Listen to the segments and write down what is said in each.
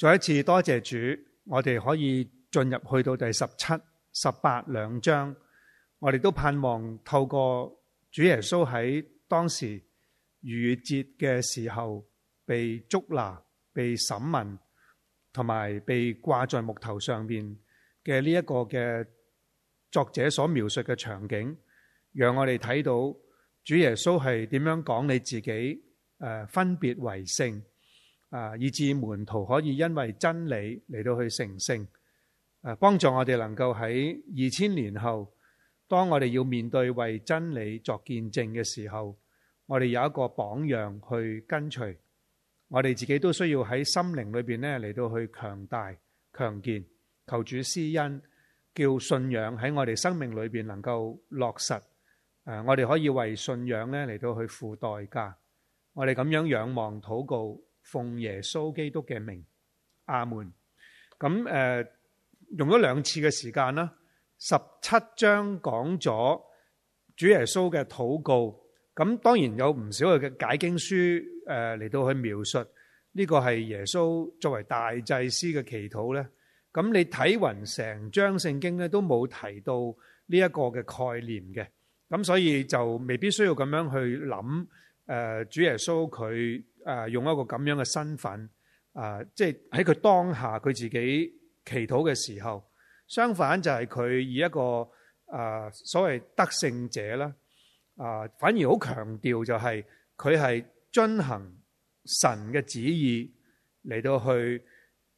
再一次多謝主，我哋可以進入去到第十七、十八兩章，我哋都盼望透過主耶穌喺當時逾越節嘅時候被捉拿、被審問、同埋被掛在木頭上面嘅呢一個嘅作者所描述嘅場景，讓我哋睇到主耶穌係點樣講你自己誒，分別為聖。啊！以致門徒可以因為真理嚟到去成聖，誒，幫助我哋能夠喺二千年後，當我哋要面對為真理作見證嘅時候，我哋有一個榜樣去跟隨。我哋自己都需要喺心靈裏邊咧嚟到去強大、強健，求主施恩，叫信仰喺我哋生命裏邊能夠落實。誒，我哋可以為信仰咧嚟到去付代價。我哋咁樣仰望禱告。奉耶穌基督嘅名，阿門。咁誒、呃，用咗兩次嘅時間啦。十七章講咗主耶穌嘅禱告。咁當然有唔少嘅解經書誒嚟、呃、到去描述呢、這個係耶穌作為大祭司嘅祈禱咧。咁你睇匀成章聖經咧，都冇提到呢一個嘅概念嘅。咁所以就未必需要咁樣去諗誒、呃，主耶穌佢。誒用一個咁樣嘅身份，誒即係喺佢當下佢自己祈禱嘅時候，相反就係佢以一個誒、呃、所謂得勝者啦，誒、呃、反而好強調就係佢係遵行神嘅旨意嚟到去誒、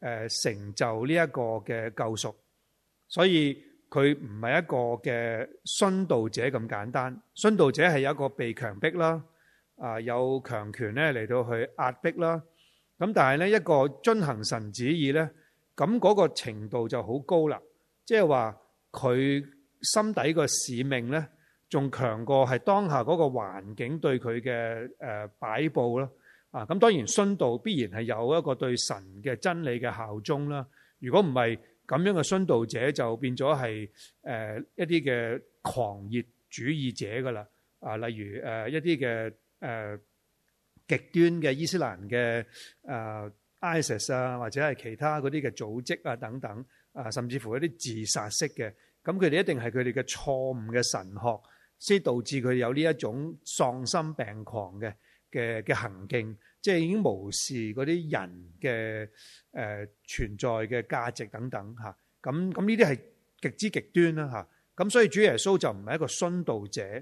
呃、成就呢一個嘅救贖，所以佢唔係一個嘅殉道者咁簡單，殉道者係有一個被強迫啦。啊，有強權咧嚟到去壓迫啦，咁但係咧一個遵行神旨意咧，咁、那、嗰個程度就好高啦，即係話佢心底個使命咧，仲強過係當下嗰個環境對佢嘅誒擺佈啦。啊，咁當然殉道必然係有一個對神嘅真理嘅效忠啦。如果唔係咁樣嘅殉道者，就變咗係誒一啲嘅狂熱主義者噶啦。啊，例如誒一啲嘅。誒極端嘅伊斯蘭嘅 ISIS 啊，或者係其他嗰啲嘅組織啊等等啊，甚至乎嗰啲自殺式嘅。咁佢哋一定係佢哋嘅錯誤嘅神學，先導致佢有呢一種喪心病狂嘅嘅嘅行徑，即係已經無視嗰啲人嘅誒、呃、存在嘅價值等等嚇。咁咁呢啲係極之極端啦嚇。咁所以主耶穌就唔係一個殉道者誒，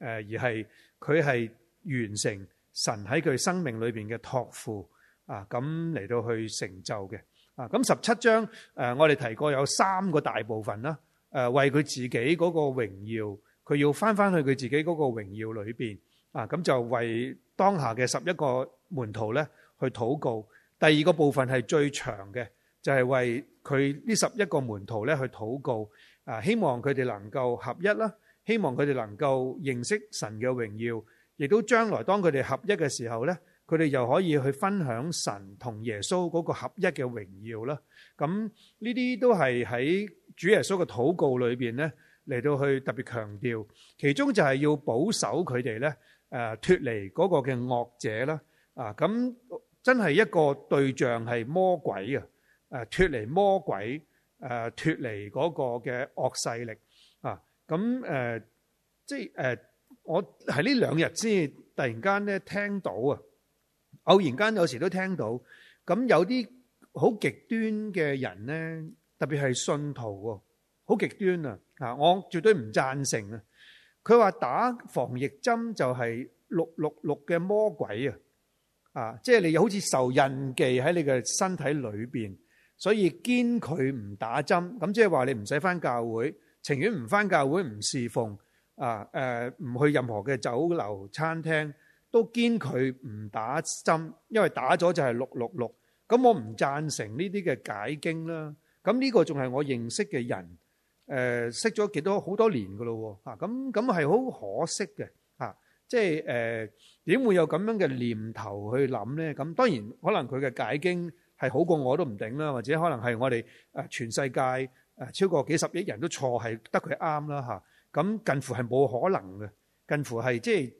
而係佢係。完成神喺佢生命裏邊嘅託付啊，咁嚟到去成就嘅啊。咁十七章誒，我哋提過有三個大部分啦。誒，為佢自己嗰個榮耀，佢要翻翻去佢自己嗰個榮耀裏邊啊。咁就為當下嘅十一個門徒咧去禱告。第二個部分係最長嘅，就係為佢呢十一個門徒咧去禱告啊。希望佢哋能夠合一啦，希望佢哋能夠認識神嘅榮耀。亦都將來當佢哋合一嘅時候咧，佢哋又可以去分享神同耶穌嗰個合一嘅榮耀啦。咁呢啲都係喺主耶穌嘅禱告裏邊咧，嚟到去特別強調，其中就係要保守佢哋咧，誒脫離嗰個嘅惡者啦。啊，咁真係一個對象係魔鬼啊，誒脫離魔鬼，誒脫離嗰個嘅惡勢力啊。咁誒，即係誒。我喺呢兩日先至突然間咧聽到啊，偶然間有時都聽到，咁有啲好極端嘅人咧，特別係信徒喎，好極端啊！啊，我絕對唔贊成啊！佢話打防疫針就係六六六嘅魔鬼啊！啊，即係你又好似受印記喺你嘅身體裏邊，所以堅拒唔打針，咁即係話你唔使翻教會，情願唔翻教會唔侍奉。啊，誒唔去任何嘅酒樓餐廳，都堅拒唔打針，因為打咗就係六六六。咁我唔贊成呢啲嘅解經啦。咁、啊、呢、這個仲係我認識嘅人，誒、啊、識咗幾多好多年噶咯喎。咁咁係好可惜嘅，啊。即係誒點會有咁樣嘅念頭去諗咧？咁當然可能佢嘅解經係好過我都唔定啦，或者可能係我哋誒全世界誒超過幾十億人都錯，係得佢啱啦嚇。咁近乎係冇可能嘅，近乎係即係，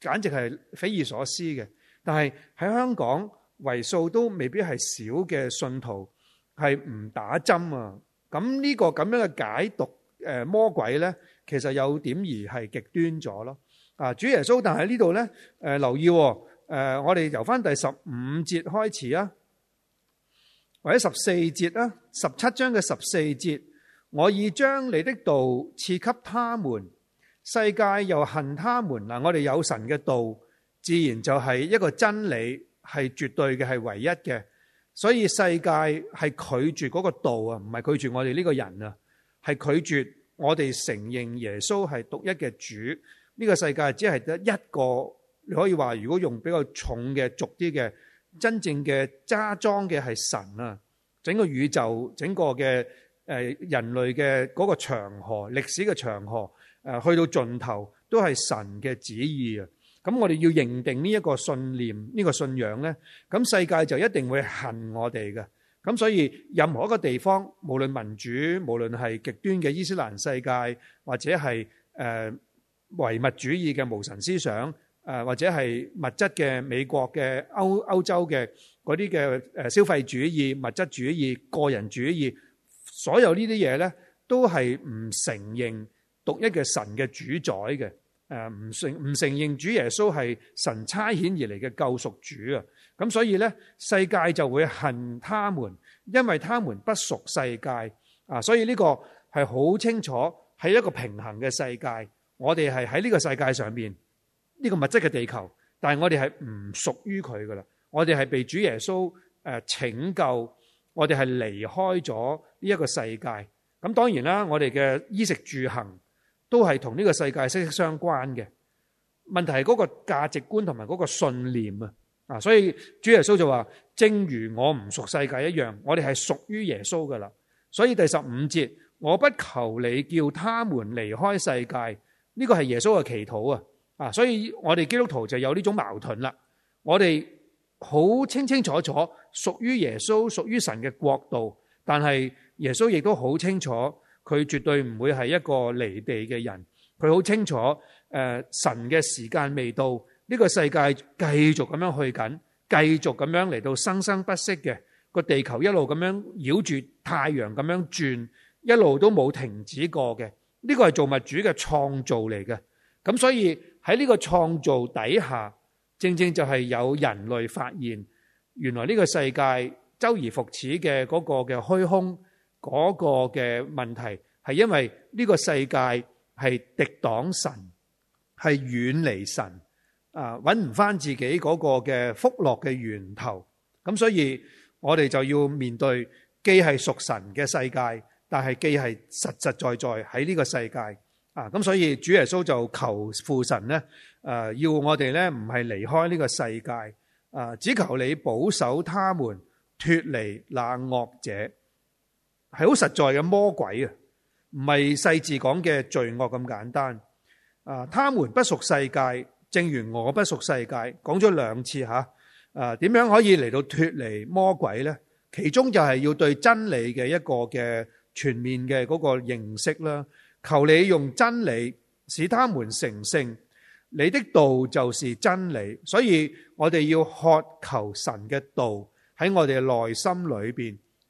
簡直係匪夷所思嘅。但係喺香港，為數都未必係少嘅信徒係唔打針啊！咁、這、呢個咁樣嘅解讀，誒魔鬼咧，其實有點而係極端咗咯。啊，主耶穌，但係呢度咧，留意、哦，喎、呃，我哋由翻第十五節開始啊，或者十四節啦，十七章嘅十四節。我已將你的道賜給他們，世界又恨他們。嗱，我哋有神嘅道，自然就係一個真理，係絕對嘅，係唯一嘅。所以世界係拒絕嗰個道啊，唔係拒絕我哋呢個人啊，係拒絕我哋承認耶穌係獨一嘅主。呢個世界只係得一個，你可以話，如果用比較重嘅俗啲嘅，真正嘅揸裝嘅係神啊，整個宇宙，整個嘅。誒，人類嘅嗰個長河，歷史嘅長河，誒去到盡頭都係神嘅旨意啊！咁我哋要認定呢一個信念，呢、呢個信仰呢，咁世界就一定會恨我哋嘅。咁所以任何一個地方，無論民主，無論係極端嘅伊斯蘭世界，或者係誒唯物主義嘅無神思想，誒或者係物質嘅美國嘅歐歐洲嘅嗰啲嘅誒消費主義、物質主義、個人主義。所有呢啲嘢呢，都係唔承認獨一嘅神嘅主宰嘅，誒唔承唔承認主耶穌係神差遣而嚟嘅救贖主啊！咁所以呢，世界就會恨他們，因為他們不屬世界啊！所以呢個係好清楚喺一個平衡嘅世界，我哋係喺呢個世界上邊，呢個物質嘅地球，但係我哋係唔屬於佢噶啦，我哋係被主耶穌誒拯救，我哋係離開咗，呢一個世界，咁當然啦，我哋嘅衣食住行都係同呢個世界息息相關嘅。問題係嗰個價值觀同埋嗰個信念啊，啊，所以主耶穌就話：「正如我唔屬世界一樣，我哋係屬於耶穌噶啦。所以第十五節，我不求你叫他們離開世界，呢個係耶穌嘅祈禱啊，啊，所以我哋基督徒就有呢種矛盾啦。我哋好清清楚楚，屬於耶穌，屬於神嘅國度，但係。耶穌亦都好清楚，佢絕對唔會係一個離地嘅人。佢好清楚，誒、呃、神嘅時間未到，呢個世界繼續咁樣去緊，繼續咁樣嚟到生生不息嘅個地球，一路咁樣繞住太陽咁樣轉，一路都冇停止過嘅。呢個係造物主嘅創造嚟嘅。咁所以喺呢個創造底下，正正就係有人類發現，原來呢個世界周而復始嘅嗰個嘅虛空。嗰個嘅問題係因為呢個世界係敵擋神，係遠離神啊，搵唔返自己嗰個嘅福樂嘅源頭。咁所以，我哋就要面對，既係屬神嘅世界，但係既係實實在在喺呢個世界啊。咁所以，主耶穌就求父神咧，誒，要我哋咧唔係離開呢個世界啊，只求你保守他們脫離那惡者。係好實在嘅魔鬼啊，唔係細緻講嘅罪惡咁簡單啊！他們不屬世界，正如我不屬世界。講咗兩次吓，啊，啊，點樣可以嚟到脫離魔鬼呢？其中就係要對真理嘅一個嘅全面嘅嗰個認識啦。求你用真理使他們成聖，你的道就是真理，所以我哋要渴求神嘅道喺我哋內心裏邊。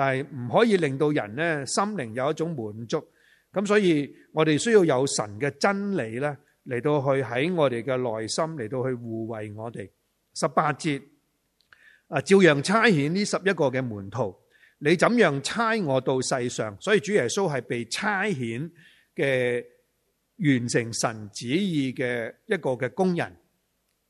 但係唔可以令到人呢心靈有一種滿足，咁所以我哋需要有神嘅真理呢嚟到去喺我哋嘅內心嚟到去護衛我哋。十八節啊，照樣差遣呢十一個嘅門徒，你怎樣差我到世上？所以主耶穌係被差遣嘅完成神旨意嘅一個嘅工人。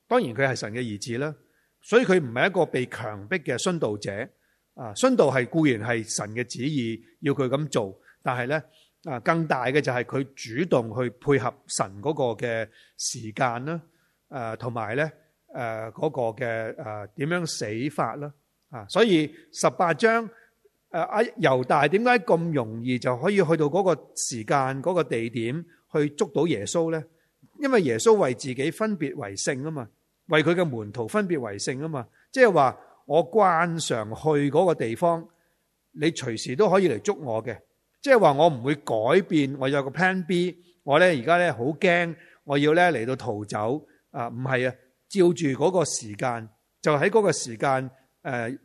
當然佢係神嘅兒子啦，所以佢唔係一個被強迫嘅殉道者。啊，殉道係固然係神嘅旨意，要佢咁做，但係咧啊，更大嘅就係佢主動去配合神嗰個嘅時間啦，誒、啊，同埋咧誒嗰個嘅誒點樣死法啦，啊，所以十八章誒阿、啊、猶大點解咁容易就可以去到嗰個時間嗰、嗰個地點去捉到耶穌咧？因為耶穌為自己分別為聖啊嘛，為佢嘅門徒分別為聖啊嘛，即係話。我慣常去嗰個地方，你隨時都可以嚟捉我嘅，即係話我唔會改變。我有個 plan B，我咧而家咧好驚，我要咧嚟到逃走啊！唔係啊，照住嗰個時間，就喺嗰個時間誒，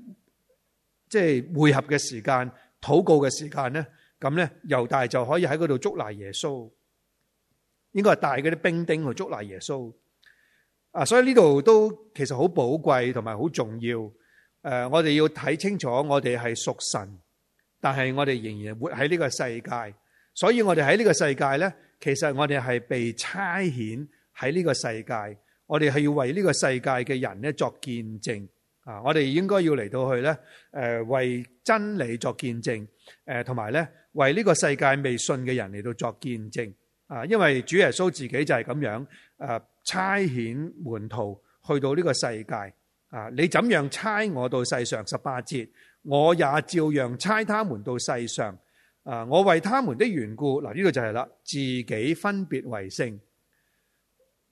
即係會合嘅時間、禱告嘅時間咧，咁咧猶大就可以喺嗰度捉拿耶穌。應該係帶嗰啲兵丁去捉拿耶穌啊！所以呢度都其實好寶貴同埋好重要。誒，我哋要睇清楚，我哋係屬神，但係我哋仍然活喺呢個世界，所以我哋喺呢個世界呢，其實我哋係被差遣喺呢個世界，我哋係要為呢個世界嘅人呢作見證啊！我哋應該要嚟到去呢，誒，為真理作見證，誒同埋呢，為呢個世界未信嘅人嚟到作見證啊！因為主耶穌自己就係咁樣，誒差遣門徒去到呢個世界。啊！你怎樣差我到世上，十八節，我也照樣差他們到世上。啊！我為他們的緣故，嗱呢度就係啦，自己分別為聖，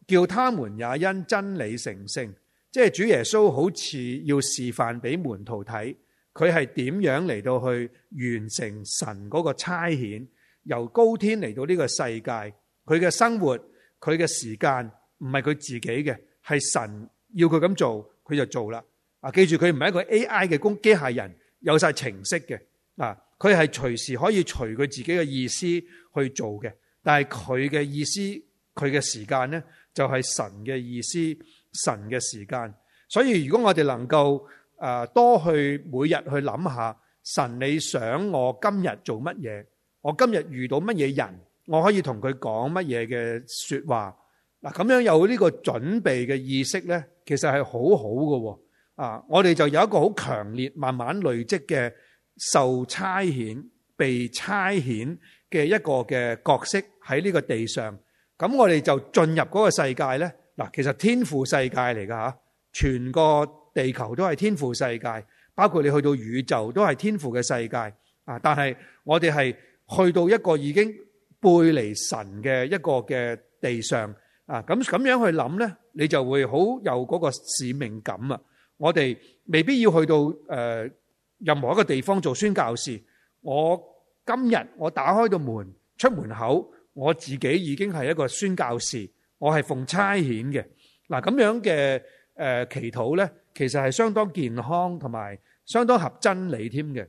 叫他們也因真理成聖。即係主耶穌好似要示範俾門徒睇，佢係點樣嚟到去完成神嗰個差遣，由高天嚟到呢個世界，佢嘅生活，佢嘅時間，唔係佢自己嘅，係神要佢咁做。佢就做啦，啊，記住佢唔係一個 AI 嘅工機械人，有晒程式嘅。啊，佢係隨時可以隨佢自己嘅意思去做嘅，但係佢嘅意思，佢嘅時間呢，就係神嘅意思，神嘅時間。所以如果我哋能夠誒多去每日去諗下，神，你想我今日做乜嘢，我今日遇到乜嘢人，我可以同佢講乜嘢嘅說話。嗱，咁樣有呢個準備嘅意識咧，其實係好好㗎喎。啊，我哋就有一個好強烈、慢慢累積嘅受差遣、被差遣嘅一個嘅角色喺呢個地上。咁我哋就進入嗰個世界咧。嗱，其實天父世界嚟㗎吓，全個地球都係天父世界，包括你去到宇宙都係天父嘅世界啊。但係我哋係去到一個已經背離神嘅一個嘅地上。啊，咁咁樣去諗呢，你就會好有嗰個使命感啊！我哋未必要去到誒任何一個地方做宣教士。我今日我打開到門出門口，我自己已經係一個宣教士，我係奉差遣嘅。嗱，咁樣嘅誒祈禱呢，其實係相當健康同埋相當合真理添嘅。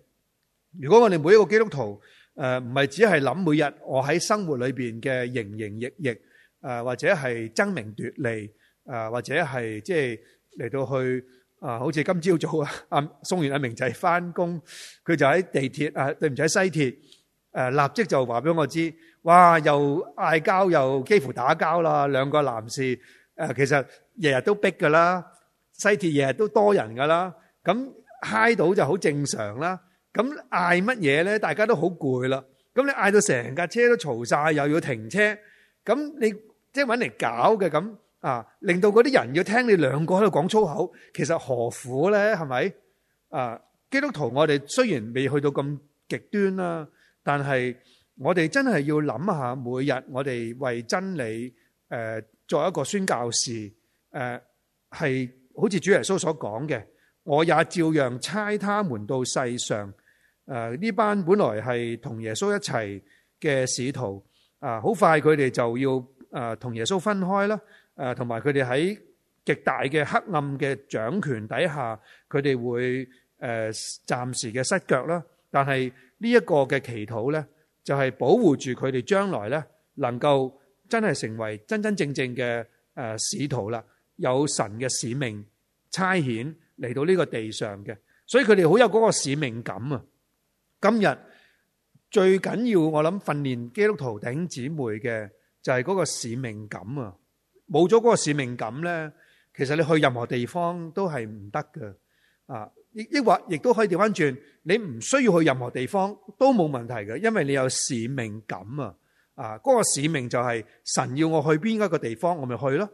如果我哋每一個基督徒誒唔係只係諗每日我喺生活裏邊嘅營營役役。誒或者係爭名奪利，誒或者係即係嚟到去，誒好似今朝早啊，阿送完阿明仔翻工，佢就喺地鐵啊，對唔住喺西鐵，誒立即就話俾我知，哇又嗌交又幾乎打交啦，兩個男士誒其實日日都逼㗎啦，西鐵日日都多人㗎啦，咁嗌到就好正常啦，咁嗌乜嘢咧？大家都好攰啦，咁你嗌到成架車都嘈曬，又要停車，咁你？即係搵嚟搞嘅咁啊，令到嗰啲人要聽你兩個喺度講粗口，其實何苦咧？係咪啊？基督徒，我哋雖然未去到咁極端啦，但係我哋真係要諗下，每日我哋為真理誒、啊、作一個宣教士誒，係、啊、好似主耶穌所講嘅，我也照樣差他們到世上誒。呢、啊、班本來係同耶穌一齊嘅使徒啊，好快佢哋就要。啊，同耶穌分開啦！啊，同埋佢哋喺極大嘅黑暗嘅掌權底下，佢哋會誒暫時嘅失腳啦。但係呢一個嘅祈禱咧，就係保護住佢哋將來咧，能夠真係成為真真正正嘅誒使徒啦，有神嘅使命差遣嚟到呢個地上嘅。所以佢哋好有嗰個使命感啊！今日最緊要，我諗訓練基督徒弟兄姊妹嘅。就係嗰個使命感啊！冇咗嗰個使命感咧，其實你去任何地方都係唔得嘅啊！亦亦或亦都可以調翻轉，你唔需要去任何地方都冇問題嘅，因為你有使命感啊！啊，嗰個使命就係神要我去邊一個地方，我咪去咯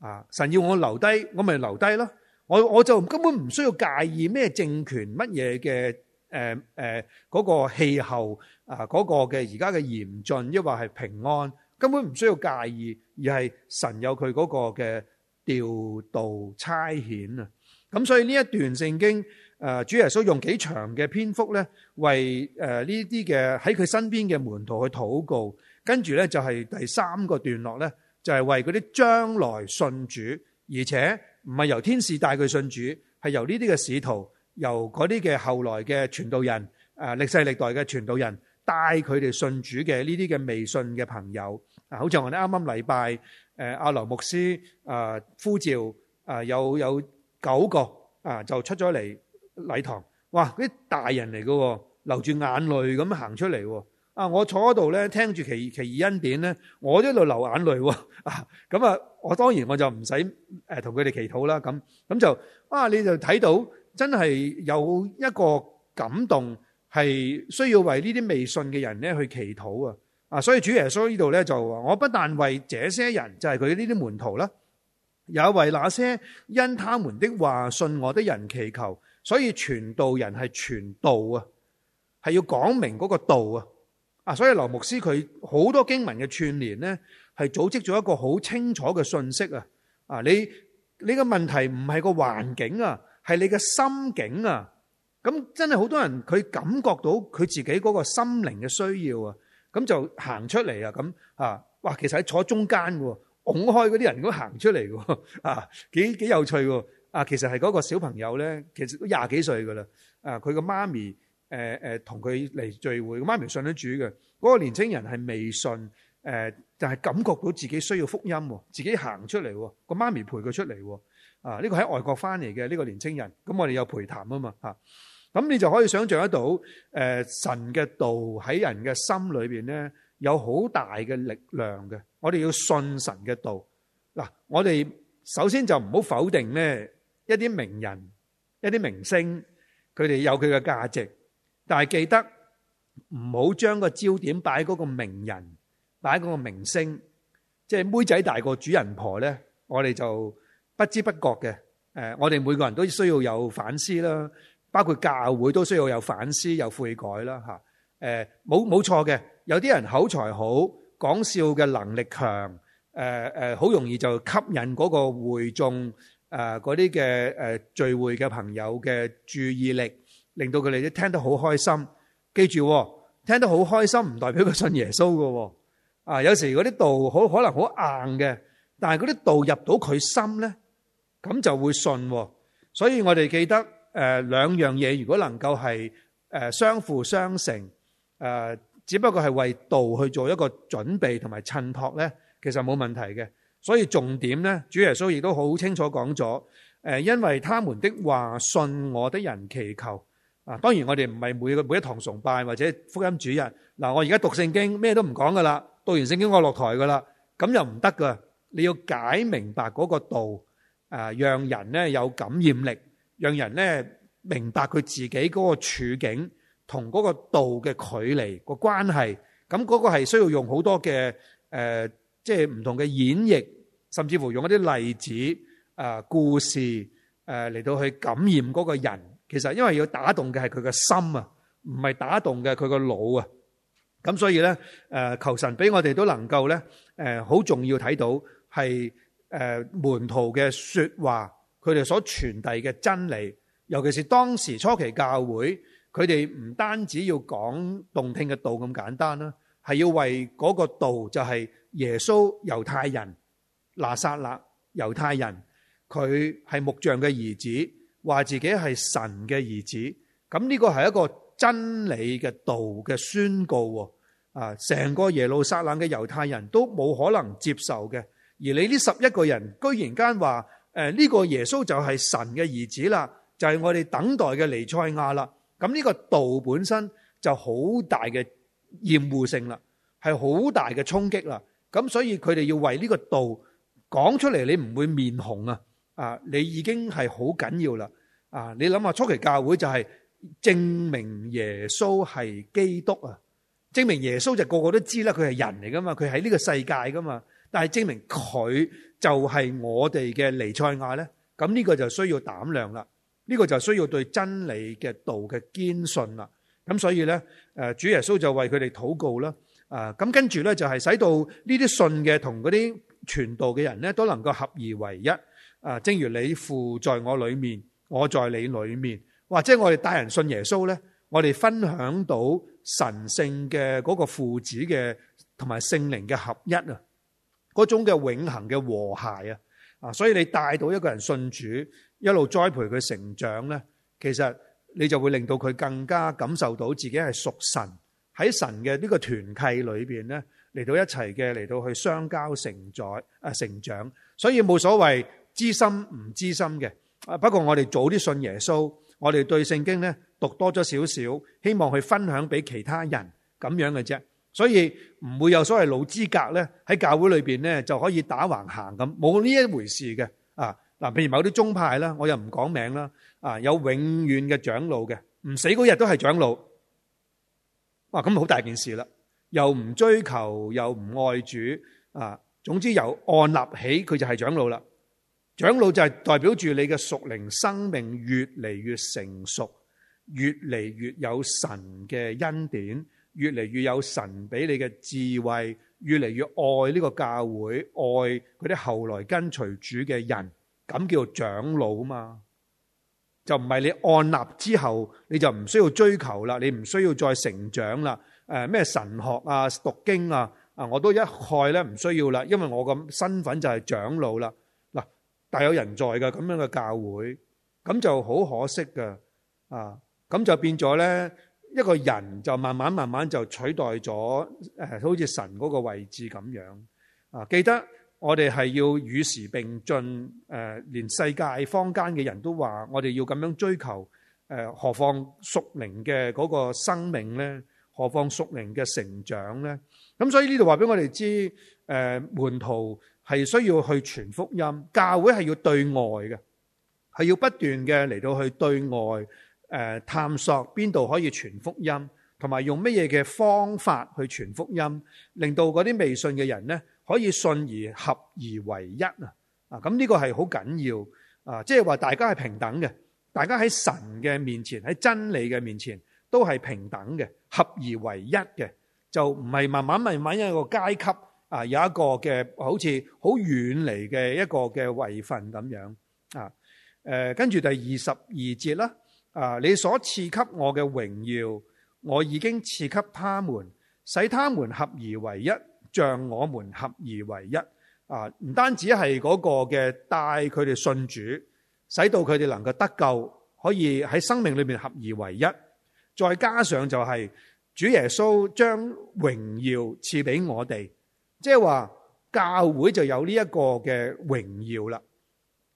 啊！神要我留低，我咪留低咯。我我就根本唔需要介意咩政權、乜嘢嘅誒誒嗰個氣候啊，嗰個嘅而家嘅嚴峻，抑或係平安。根本唔需要介意，而係神有佢嗰個嘅調度差遣啊！咁所以呢一段聖經，誒，主耶穌用幾長嘅篇幅咧，為誒呢啲嘅喺佢身邊嘅門徒去禱告，跟住咧就係第三個段落咧，就係、是、為嗰啲將來信主，而且唔係由天使帶佢信主，係由呢啲嘅使徒，由嗰啲嘅後來嘅傳道人，誒，歷世歷代嘅傳道人。帶佢哋信主嘅呢啲嘅未信嘅朋友啊，好似我哋啱啱禮拜，誒阿羅牧師啊呼召啊有，有九個啊就出咗嚟禮堂，哇嗰啲大人嚟嘅，流住眼淚咁行出嚟喎啊！我坐喺度咧聽住奇奇異恩典咧，我都喺度流眼淚喎啊！咁啊，我當然我就唔使誒同佢哋祈禱啦，咁咁就啊，你就睇到真係有一個感動。係需要為呢啲未信嘅人咧去祈禱啊！啊，所以主耶穌呢度咧就話：我不但為這些人，就係佢呢啲門徒啦、啊，也為那些因他們的話信我的人祈求。所以傳道人係傳道啊，係要講明嗰個道啊！啊，所以羅牧師佢好多經文嘅串聯咧，係組織咗一個好清楚嘅信息啊！啊，你你個問題唔係個環境啊，係你嘅心境啊！咁真係好多人，佢感覺到佢自己嗰個心靈嘅需要啊，咁就行出嚟啊，咁啊，哇，其實喺坐中間喎，拱開嗰啲人咁行出嚟喎，啊，幾幾有趣喎，啊，其實係嗰個小朋友咧，其實都廿幾歲㗎啦，啊，佢個媽咪誒同佢嚟聚會，媽咪信咗主嘅，嗰、那個年青人係未信，誒、呃，就係感覺到自己需要福音喎，自己行出嚟喎，個、啊、媽咪陪佢出嚟喎，啊，呢個喺外國翻嚟嘅呢個年青人，咁我哋有陪談啊嘛，啊咁你就可以想象得到，誒，神嘅道喺人嘅心裏邊咧，有好大嘅力量嘅。我哋要信神嘅道。嗱，我哋首先就唔好否定咧，一啲名人、一啲明星，佢哋有佢嘅價值。但係記得唔好將個焦點擺嗰個名人，擺嗰個明星，即係妹仔大過主人婆咧。我哋就不知不覺嘅，誒，我哋每個人都需要有反思啦。包括教會都需要有反思、有悔改啦，吓，誒，冇冇錯嘅，有啲人口才好，講笑嘅能力強，誒誒，好容易就吸引嗰個會眾，誒嗰啲嘅誒聚會嘅朋友嘅注意力，令到佢哋都聽得好開心。記住，聽得好開心唔代表佢信耶穌噶，啊，有時嗰啲道好可能好硬嘅，但係嗰啲道入到佢心咧，咁就會信。所以我哋記得。誒，兩樣嘢如果能夠係誒相輔相成，誒只不過係為道去做一個準備同埋襯托咧，其實冇問題嘅。所以重點咧，主耶穌亦都好清楚講咗，誒，因為他們的話信我的人祈求，啊，當然我哋唔係每個每一堂崇拜或者福音主日。嗱，我而家讀聖經咩都唔講噶啦，讀完聖經我落台噶啦，咁又唔得噶，你要解明白嗰個道，誒，讓人咧有感染力。讓人咧明白佢自己嗰個處境同嗰個道嘅距離個關係，咁嗰個係需要用好多嘅誒、呃，即係唔同嘅演繹，甚至乎用一啲例子啊、呃、故事誒嚟、呃、到去感染嗰個人。其實因為要打動嘅係佢嘅心啊，唔係打動嘅佢個腦啊。咁所以咧誒、呃，求神俾我哋都能夠咧誒，好、呃、重要睇到係誒、呃、門徒嘅說話。佢哋所傳遞嘅真理，尤其是當時初期教會，佢哋唔單止要講動聽嘅道咁簡單啦，係要為嗰個道就係耶穌猶、猶太人拿撒勒猶太人，佢係木匠嘅兒子，話自己係神嘅兒子。咁呢個係一個真理嘅道嘅宣告喎。啊，成個耶路撒冷嘅猶太人都冇可能接受嘅，而你呢十一個人居然間話。誒呢個耶穌就係神嘅兒子啦，就係我哋等待嘅彌賽亞啦。咁呢個道本身就好大嘅厭惡性啦，係好大嘅衝擊啦。咁所以佢哋要為呢個道講出嚟，你唔會面紅啊！啊，你已經係好緊要啦！啊，你諗下初期教會就係證明耶穌係基督啊，證明耶穌就個個都知啦，佢係人嚟㗎嘛，佢喺呢個世界㗎嘛。但係證明佢。就係我哋嘅尼賽亞呢，咁、這、呢個就需要膽量啦，呢、這個就需要對真理嘅道嘅堅信啦。咁所以呢，誒主耶穌就為佢哋禱告啦，啊，咁跟住呢，就係使到呢啲信嘅同嗰啲傳道嘅人呢，都能夠合而為一啊，正如你父在我裏面，我在你裏面，或者我哋帶人信耶穌呢，我哋分享到神聖嘅嗰個父子嘅同埋聖靈嘅合一啊。嗰種嘅永恆嘅和諧啊，啊，所以你帶到一個人信主，一路栽培佢成長呢，其實你就會令到佢更加感受到自己係屬神，喺神嘅呢個團契裏邊呢，嚟到一齊嘅嚟到去相交成長啊，成長。所以冇所謂知心唔知心嘅，啊，不過我哋早啲信耶穌，我哋對聖經呢讀多咗少少，希望去分享俾其他人咁樣嘅啫。所以唔會有所謂老資格咧，喺教會裏面咧就可以打橫行咁，冇呢一回事嘅啊！嗱，譬如某啲宗派啦，我又唔講名啦，啊，有永遠嘅長老嘅，唔死嗰日都係長老。哇、啊，咁好大件事啦！又唔追求，又唔愛主啊，總之由按立起佢就係長老啦。長老就係代表住你嘅屬靈生命越嚟越成熟，越嚟越有神嘅恩典。越嚟越有神俾你嘅智慧，越嚟越愛呢個教會，愛嗰啲後來跟隨主嘅人，咁叫做長老嘛。就唔係你按立之後，你就唔需要追求啦，你唔需要再成長啦。誒咩神學啊、讀經啊，啊我都一概咧唔需要啦，因為我個身份就係長老啦。嗱，大有人在噶咁樣嘅教會，咁就好可惜噶啊，咁就變咗咧。一個人就慢慢慢慢就取代咗，誒，好似神嗰個位置咁樣啊！記得我哋係要與時並進，誒，連世界坊間嘅人都話我哋要咁樣追求，誒，何況屬靈嘅嗰個生命咧？何況屬靈嘅成長咧？咁所以呢度話俾我哋知，誒，門徒係需要去傳福音，教會係要對外嘅，係要不斷嘅嚟到去對外。誒，探索邊度可以傳福音，同埋用乜嘢嘅方法去傳福音，令到嗰啲未信嘅人咧可以信而合而為一啊！啊，咁呢個係好緊要啊！即係話大家係平等嘅，大家喺神嘅面前，喺真理嘅面前都係平等嘅，合而為一嘅，就唔係慢慢慢慢有一個階級啊，有一個嘅好似好遠離嘅一個嘅位份咁樣啊。誒，跟住第二十二節啦。啊！你所賜給我嘅榮耀，我已經賜給他們，使他們合而為一，像我們合而為一。啊！唔單止係嗰個嘅帶佢哋信主，使到佢哋能夠得救，可以喺生命裏面合而為一。再加上就係主耶穌將榮耀賜俾我哋，即係話教會就有呢一個嘅榮耀啦。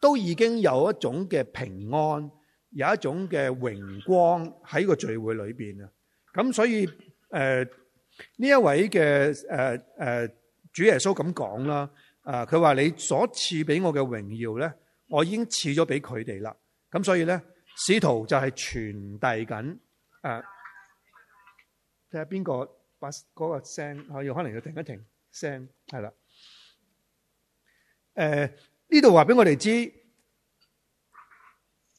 都已經有一種嘅平安，有一種嘅榮光喺個聚會裏邊啊！咁所以誒呢一位嘅誒誒主耶穌咁講啦，啊佢話你所賜俾我嘅榮耀咧，我已經賜咗俾佢哋啦。咁所以咧，使徒就係傳遞緊誒，睇下邊個把嗰個聲，我可能要停一停聲，係啦，誒。呃呢度話俾我哋知，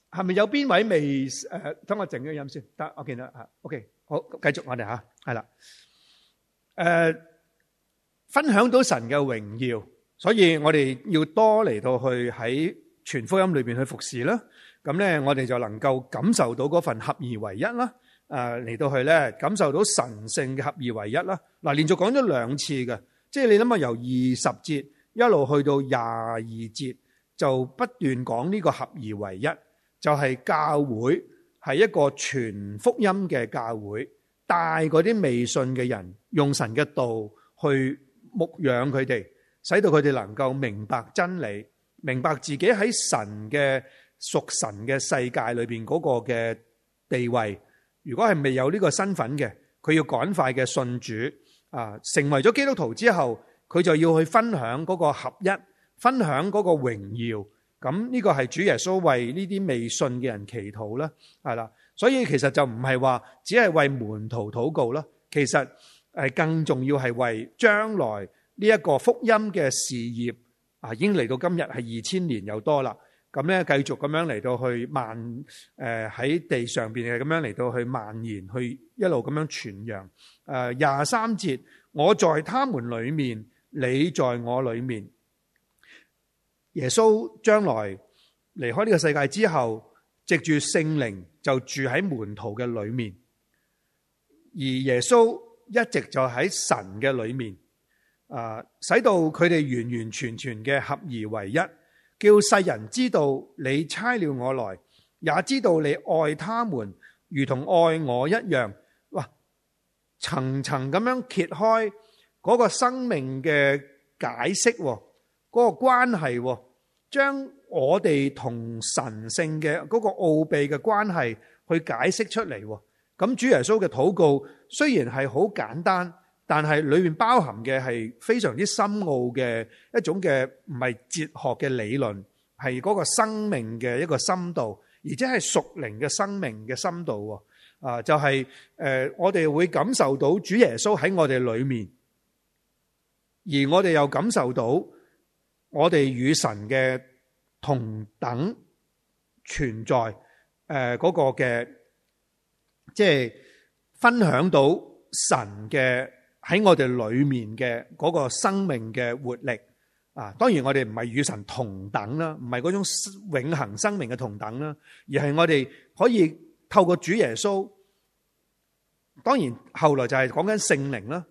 係咪有邊位未？誒，等我靜咗音先。得，我見到啊，OK，好，繼續我哋吓，係啦，誒，分享到神嘅榮耀，所以我哋要多嚟到去喺全福音裏邊去服侍啦。咁咧，我哋就能夠感受到嗰份合二為一啦。誒，嚟到去咧，感受到神性嘅合二為一啦。嗱，連續講咗兩次嘅，即係你諗下由二十節。一路去到廿二節，就不斷講呢個合而為一，就係教會係一個全福音嘅教會，帶嗰啲未信嘅人，用神嘅道去牧養佢哋，使到佢哋能夠明白真理，明白自己喺神嘅屬神嘅世界裏邊嗰個嘅地位。如果係未有呢個身份嘅，佢要趕快嘅信主啊，成為咗基督徒之後。佢就要去分享嗰個合一，分享嗰個榮耀。咁呢個係主耶穌為呢啲未信嘅人祈禱啦，係啦。所以其實就唔係話只係為門徒禱告啦，其實更重要係為將來呢一個福音嘅事業啊，已經嚟到今日係二千年又多啦。咁咧繼續咁樣嚟到去蔓誒喺、呃、地上面嘅咁樣嚟到去蔓延，去一路咁樣傳揚。誒廿三節，我在他們裏面。你在我裏面，耶穌將來離開呢個世界之後，藉住聖靈就住喺門徒嘅裏面，而耶穌一直就喺神嘅裏面，啊，使到佢哋完完全全嘅合而為一，叫世人知道你差了我來，也知道你愛他們，如同愛我一樣。哇，層層咁樣揭開。嗰個生命嘅解釋，嗰個關係，將我哋同神性嘅嗰個奧秘嘅關係去解釋出嚟。咁主耶穌嘅禱告雖然係好簡單，但係裏面包含嘅係非常之深奧嘅一種嘅唔係哲學嘅理論，係嗰個生命嘅一個深度，而且係屬靈嘅生命嘅深度。啊，就係誒，我哋會感受到主耶穌喺我哋裏面。而我哋又感受到，我哋與神嘅同等存在，誒嗰個嘅，即係分享到神嘅喺我哋裏面嘅嗰個生命嘅活力啊！當然我哋唔係與神同等啦，唔係嗰種永恆生命嘅同等啦，而係我哋可以透過主耶穌，當然後來就係講緊聖靈啦。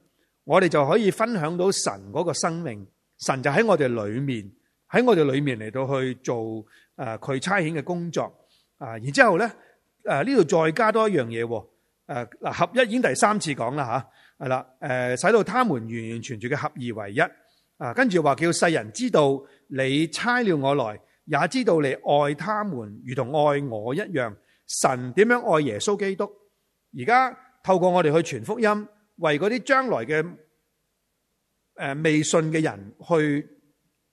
我哋就可以分享到神嗰個生命，神就喺我哋裏面，喺我哋裏面嚟到去做，誒佢差遣嘅工作，啊，然之後呢，誒呢度再加多一樣嘢，誒嗱合一已經第三次講啦吓，係啦，誒使到他們完完全全嘅合二為一，啊，跟住話叫世人知道你差了我來，也知道你愛他們如同愛我一樣，神點樣愛耶穌基督，而家透過我哋去傳福音。為嗰啲將來嘅誒未信嘅人去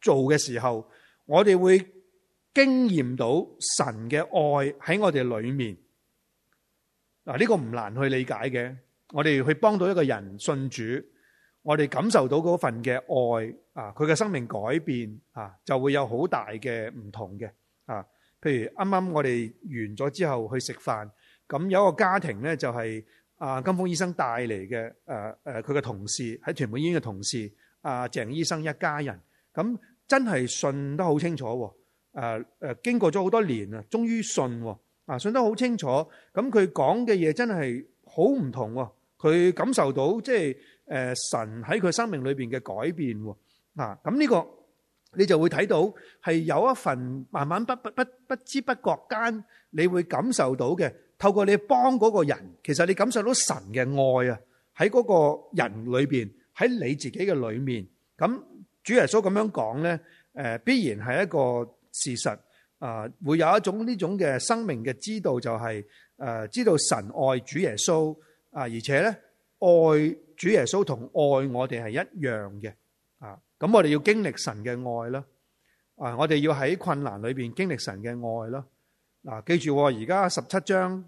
做嘅時候，我哋會經驗到神嘅愛喺我哋裏面。嗱，呢個唔難去理解嘅。我哋去幫到一個人信主，我哋感受到嗰份嘅愛啊，佢嘅生命改變啊，就會有好大嘅唔同嘅啊。譬如啱啱我哋完咗之後去食飯，咁有一個家庭咧就係、是。啊，金峰醫生帶嚟嘅，誒誒，佢嘅同事喺屯門醫院嘅同事，阿鄭醫生一家人，咁真係信得好清楚喎。誒誒，經過咗好多年啊，終於信喎。啊，信得好清楚。咁佢講嘅嘢真係好唔同喎。佢感受到即係誒神喺佢生命裏邊嘅改變。啊，咁呢個你就會睇到係有一份慢慢不不不不知不覺間你會感受到嘅。透過你幫嗰個人，其實你感受到神嘅愛啊，喺嗰個人裏邊，喺你自己嘅裏面。咁主耶穌咁樣講咧，誒，必然係一個事實啊，會有一種呢種嘅生命嘅知道，就係誒，知道神愛主耶穌啊，而且咧愛主耶穌同愛我哋係一樣嘅啊。咁我哋要經歷神嘅愛啦，啊，我哋要喺困難裏邊經歷神嘅愛啦。嗱，記住喎、哦，而家十七章，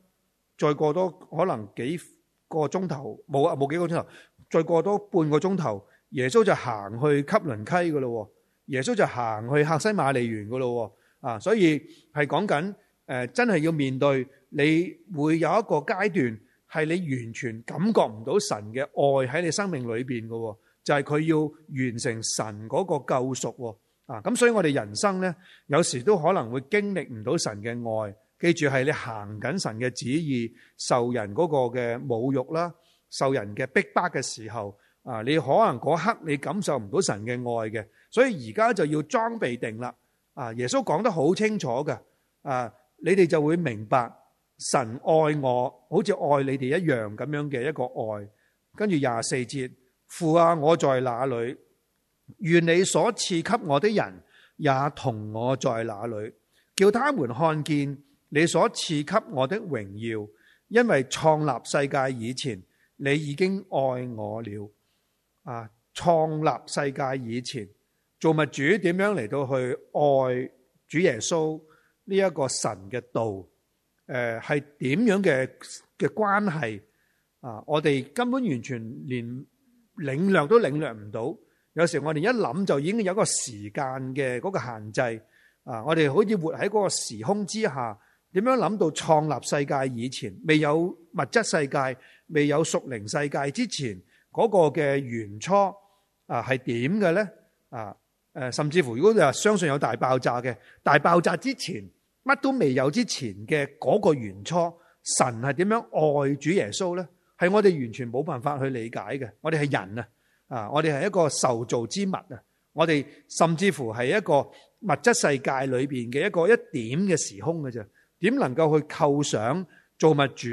再過多可能幾個鐘頭，冇啊，冇幾個鐘頭，再過多半個鐘頭，耶穌就行去汲淪溪嘅咯喎，耶穌就行去客西馬尼園㗎咯喎，啊，所以係講緊真係要面對你會有一個階段係你完全感覺唔到神嘅愛喺你生命裏面嘅喎，就係、是、佢要完成神嗰個救贖喎。啊，咁所以我哋人生呢，有時都可能會經歷唔到神嘅愛。記住係你行緊神嘅旨意，受人嗰個嘅侮辱啦，受人嘅逼迫嘅時候，啊，你可能嗰刻你感受唔到神嘅愛嘅。所以而家就要裝備定啦。啊，耶穌講得好清楚㗎，啊，你哋就會明白神愛我，好似愛你哋一樣咁樣嘅一個愛。跟住廿四節，父啊，我在哪裏，願你所賜給我的人也同我在那裏，叫他們看見你所賜給我的榮耀。因為創立世界以前，你已經愛我了。啊！創立世界以前，造物主點樣嚟到去愛主耶穌呢一個神嘅道？誒、呃，係點樣嘅嘅關係？啊！我哋根本完全連領略都領略唔到。有時我哋一諗就已經有一個時間嘅嗰個限制啊！我哋好似活喺嗰個時空之下，點樣諗到創立世界以前未有物質世界、未有屬靈世界之前嗰個嘅原初啊係點嘅咧？啊誒，甚至乎如果你話相信有大爆炸嘅，大爆炸之前乜都未有之前嘅嗰個原初，神係點樣愛主耶穌咧？係我哋完全冇辦法去理解嘅，我哋係人啊！啊！我哋係一個受造之物啊！我哋甚至乎係一個物質世界裏邊嘅一個一點嘅時空嘅啫，點能夠去構想造物主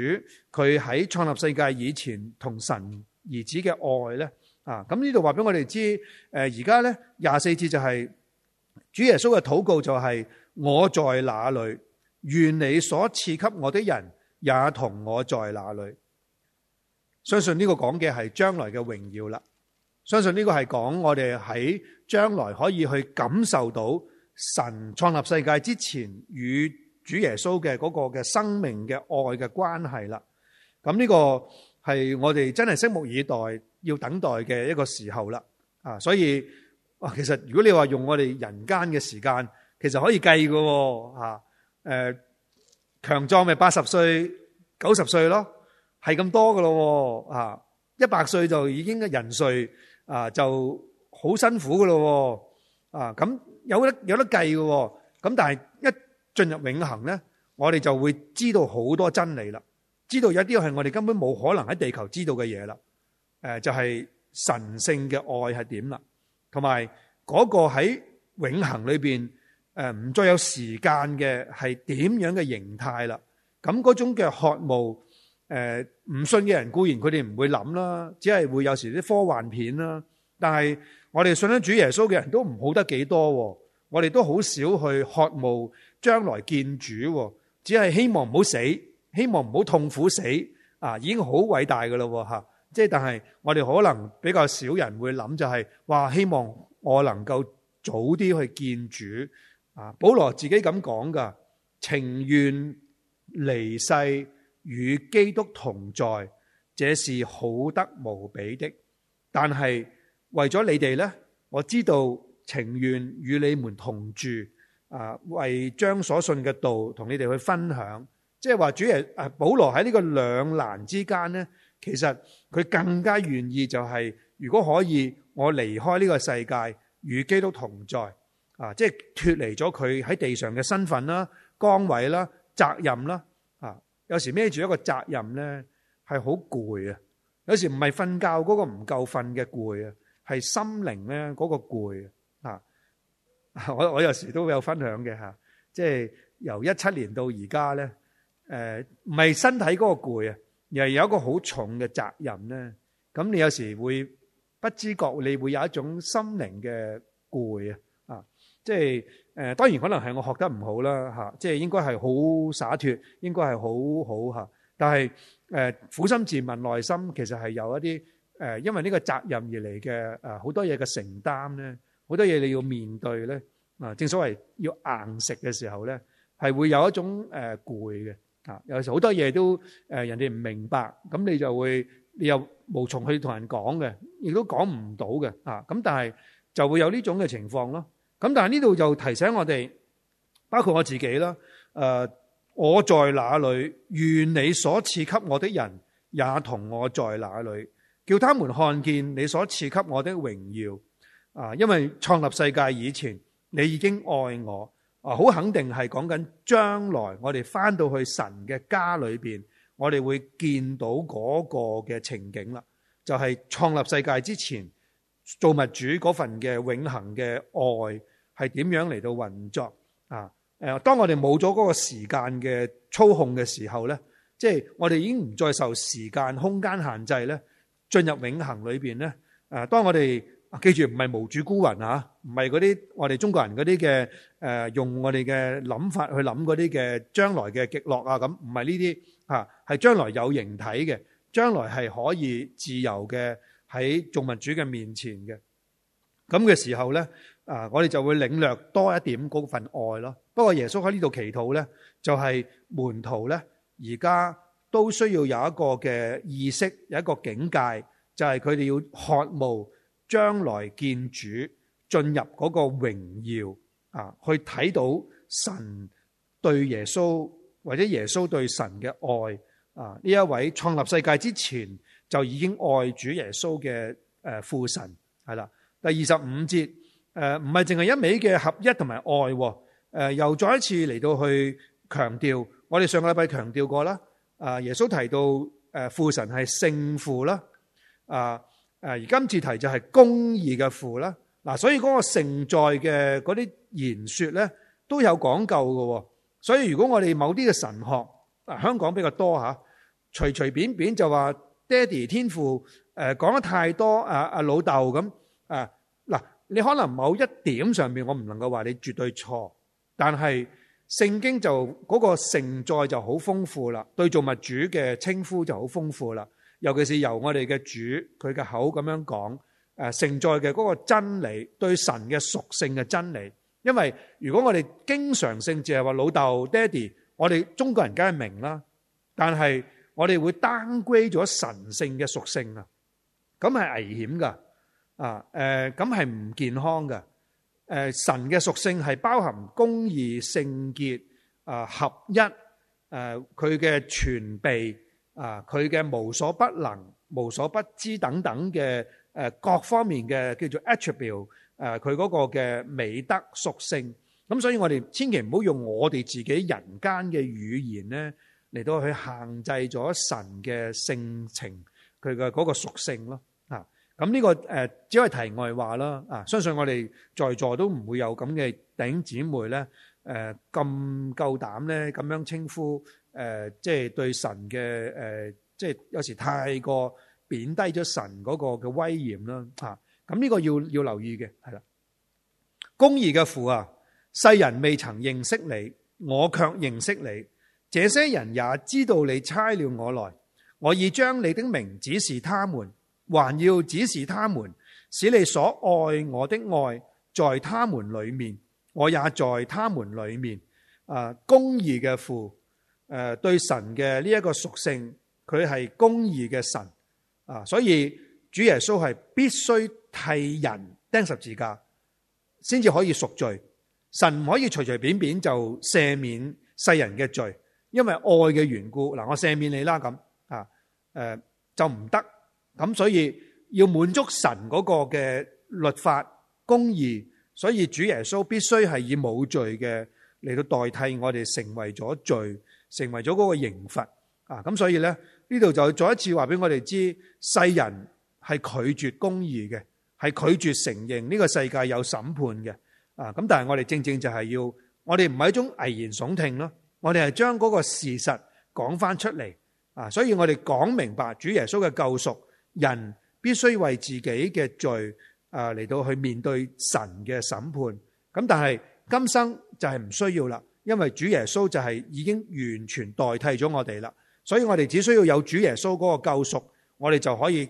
佢喺創立世界以前同神兒子嘅愛呢？啊！咁呢度話俾我哋知，誒而家呢廿四節就係、是、主耶穌嘅禱告就係、是：我在哪裏，願你所賜給我的人也同我在哪裏。相信呢個講嘅係將來嘅榮耀啦。相信呢個係講我哋喺將來可以去感受到神創立世界之前與主耶穌嘅嗰個嘅生命嘅愛嘅關係啦。咁呢個係我哋真係拭目以待要等待嘅一個時候啦。啊，所以啊，其實如果你話用我哋人間嘅時間，其實可以計噶吓，誒，強壯咪八十歲、九十歲咯，係咁多噶咯。啊，一百歲就已經嘅人瑞。啊，就好辛苦噶咯喎！啊，咁有得有得計㗎喎。咁但係一進入永恆咧，我哋就會知道好多真理啦。知道有啲係我哋根本冇可能喺地球知道嘅嘢啦。誒，就係、是、神性嘅愛係點啦，同埋嗰個喺永恆裏面誒唔再有時間嘅係點樣嘅形態啦。咁嗰種嘅渴慕。誒，唔、呃、信嘅人固然佢哋唔會諗啦，只係會有時啲科幻片啦。但係我哋信得主耶穌嘅人都唔好得幾多，啊，我哋都好少去渴慕將來見主，啊，只係希望唔好死，希望唔好痛苦死啊，已經好偉大嘅咯，啊。吓。即係，但係我哋可能比較少人會諗，就是，就係話希望我能夠早啲去見主啊。保羅自己咁講噶情願離世。與基督同在，這是好得無比的。但係為咗你哋呢，我知道情願與你們同住，啊，為將所信嘅道同你哋去分享。即係話主啊，保羅喺呢個兩難之間呢，其實佢更加願意就係、是，如果可以，我離開呢個世界，與基督同在，啊，即係脫離咗佢喺地上嘅身份啦、崗位啦、責任啦。有時孭住一個責任咧，係好攰啊！有時唔係瞓覺嗰個唔夠瞓嘅攰啊，係心靈咧嗰個攰啊！吓，我我有時都會有分享嘅吓，即係由一七年到而家咧，誒，唔係身體嗰個攰啊，而係有一個好重嘅責任咧，咁你有時會不知覺你會有一種心靈嘅攰啊！啊，即係。誒當然可能係我學得唔好啦嚇，即係應該係好灑脱，應該係好好嚇。但係誒苦心自問，內心其實係有一啲誒，因為呢個責任而嚟嘅誒好多嘢嘅承擔咧，好多嘢你要面對咧啊。正所謂要硬食嘅時候咧，係會有一種誒攰嘅啊。有時好多嘢都誒人哋唔明白，咁你就會你又無從去同人講嘅，亦都講唔到嘅啊。咁但係就會有呢種嘅情況咯。咁但係呢度又提醒我哋，包括我自己啦。誒，我在哪裏？願你所賜給我的人也同我在哪裏，叫他們看見你所賜給我的榮耀。啊，因為創立世界以前，你已經愛我。啊，好肯定係講緊將來，我哋翻到去神嘅家裏邊，我哋會見到嗰個嘅情景啦。就係創立世界之前。造物主嗰份嘅永恆嘅愛係點樣嚟到運作啊？誒，當我哋冇咗嗰個時間嘅操控嘅時候咧，即係我哋已經唔再受時間空間限制咧，進入永恒裏面咧。誒，當我哋記住唔係無主孤魂啊，唔係嗰啲我哋中國人嗰啲嘅誒，用我哋嘅諗法去諗嗰啲嘅將來嘅極樂啊咁，唔係呢啲嚇，係將來有形體嘅，將來係可以自由嘅。喺眾民主嘅面前嘅，咁嘅時候呢，啊，我哋就會領略多一點嗰份愛咯。不過耶穌喺呢度祈禱呢，就係門徒呢，而家都需要有一個嘅意識，有一個境界，就係佢哋要渴慕將來見主進入嗰個榮耀啊，去睇到神對耶穌或者耶穌對神嘅愛啊，呢一位創立世界之前，就已經愛主耶穌嘅誒父神係啦。第二十五節，誒唔係淨係一味嘅合一同埋愛，誒又再一次嚟到去強調。我哋上個禮拜強調過啦。啊，耶穌提到誒父神係聖父啦，啊誒而今次提就係公義嘅父啦。嗱，所以嗰個承載嘅嗰啲言說咧都有講究嘅。所以如果我哋某啲嘅神學，香港比較多吓，隨隨便便就話。爹哋天父，誒講得太多啊！啊老豆咁啊，嗱，你可能某一點上面我唔能夠話你絕對錯，但係聖經就嗰個承載就好豐富啦，對造物主嘅稱呼就好豐富啦，尤其是由我哋嘅主佢嘅口咁樣講，誒承載嘅嗰個真理，對神嘅屬性嘅真理。因為如果我哋經常性淨係話老豆、爹哋，我哋中國人梗係明啦，但係。我哋會 downgrade 咗神性嘅屬性啊，咁係危險噶，啊，誒，咁係唔健康噶，誒，神嘅屬性係包含公義、聖潔、啊合一，誒佢嘅傳備，啊佢嘅無所不能、無所不知等等嘅，誒各方面嘅叫做 attribute，誒佢嗰個嘅美德屬性，咁所以我哋千祈唔好用我哋自己人間嘅語言咧。嚟到去限制咗神嘅性情，佢嘅嗰個屬性咯吓，咁呢個誒只可以題外話啦啊！相信我哋在座都唔會有咁嘅頂姊妹咧誒咁夠膽咧咁樣稱呼誒即係對神嘅誒即係有時太過貶低咗神嗰個嘅威嚴啦吓，咁呢個要要留意嘅係啦，公義嘅父啊，世人未曾認識你，我卻認識你。這些人也知道你差了我來，我已將你的名指示他們，還要指示他們，使你所愛我的愛在他們裏面，我也在他們裏面。啊，公義嘅父，誒、啊，對神嘅呢一個屬性，佢係公義嘅神啊，所以主耶穌係必須替人釘十字架，先至可以贖罪。神唔可以隨隨便便，便就赦免世人嘅罪。因為愛嘅緣故，嗱，我赦免你啦咁啊，誒就唔得，咁所以要滿足神嗰個嘅律法公義，所以主耶穌必須係以冇罪嘅嚟到代替我哋，成為咗罪，成為咗嗰個刑罰啊！咁所以呢，呢度就再一次話俾我哋知，世人係拒絕公義嘅，係拒絕承認呢個世界有審判嘅啊！咁但係我哋正正就係要，我哋唔係一種危言聳聽咯。我哋係將嗰個事實講翻出嚟啊！所以我哋講明白主耶穌嘅救贖，人必須為自己嘅罪啊嚟到去面對神嘅審判。咁但係今生就係唔需要啦，因為主耶穌就係已經完全代替咗我哋啦。所以我哋只需要有主耶穌嗰個救贖，我哋就可以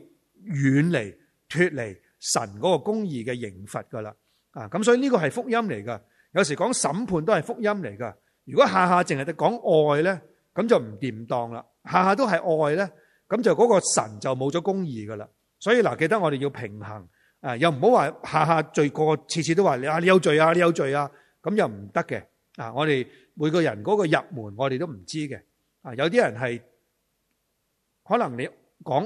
遠離脫離神嗰個公義嘅刑罰噶啦啊！咁所以呢個係福音嚟噶，有時講審判都係福音嚟噶。如果下下淨係得講愛咧，咁就唔掂當啦。下下都係愛咧，咁就嗰個神就冇咗公義噶啦。所以嗱，記得我哋要平衡，又唔好話下下罪過，次次都話你啊，你有罪啊，你有罪啊，咁又唔得嘅。啊，我哋每個人嗰個入門，我哋都唔知嘅。啊，有啲人係可能你講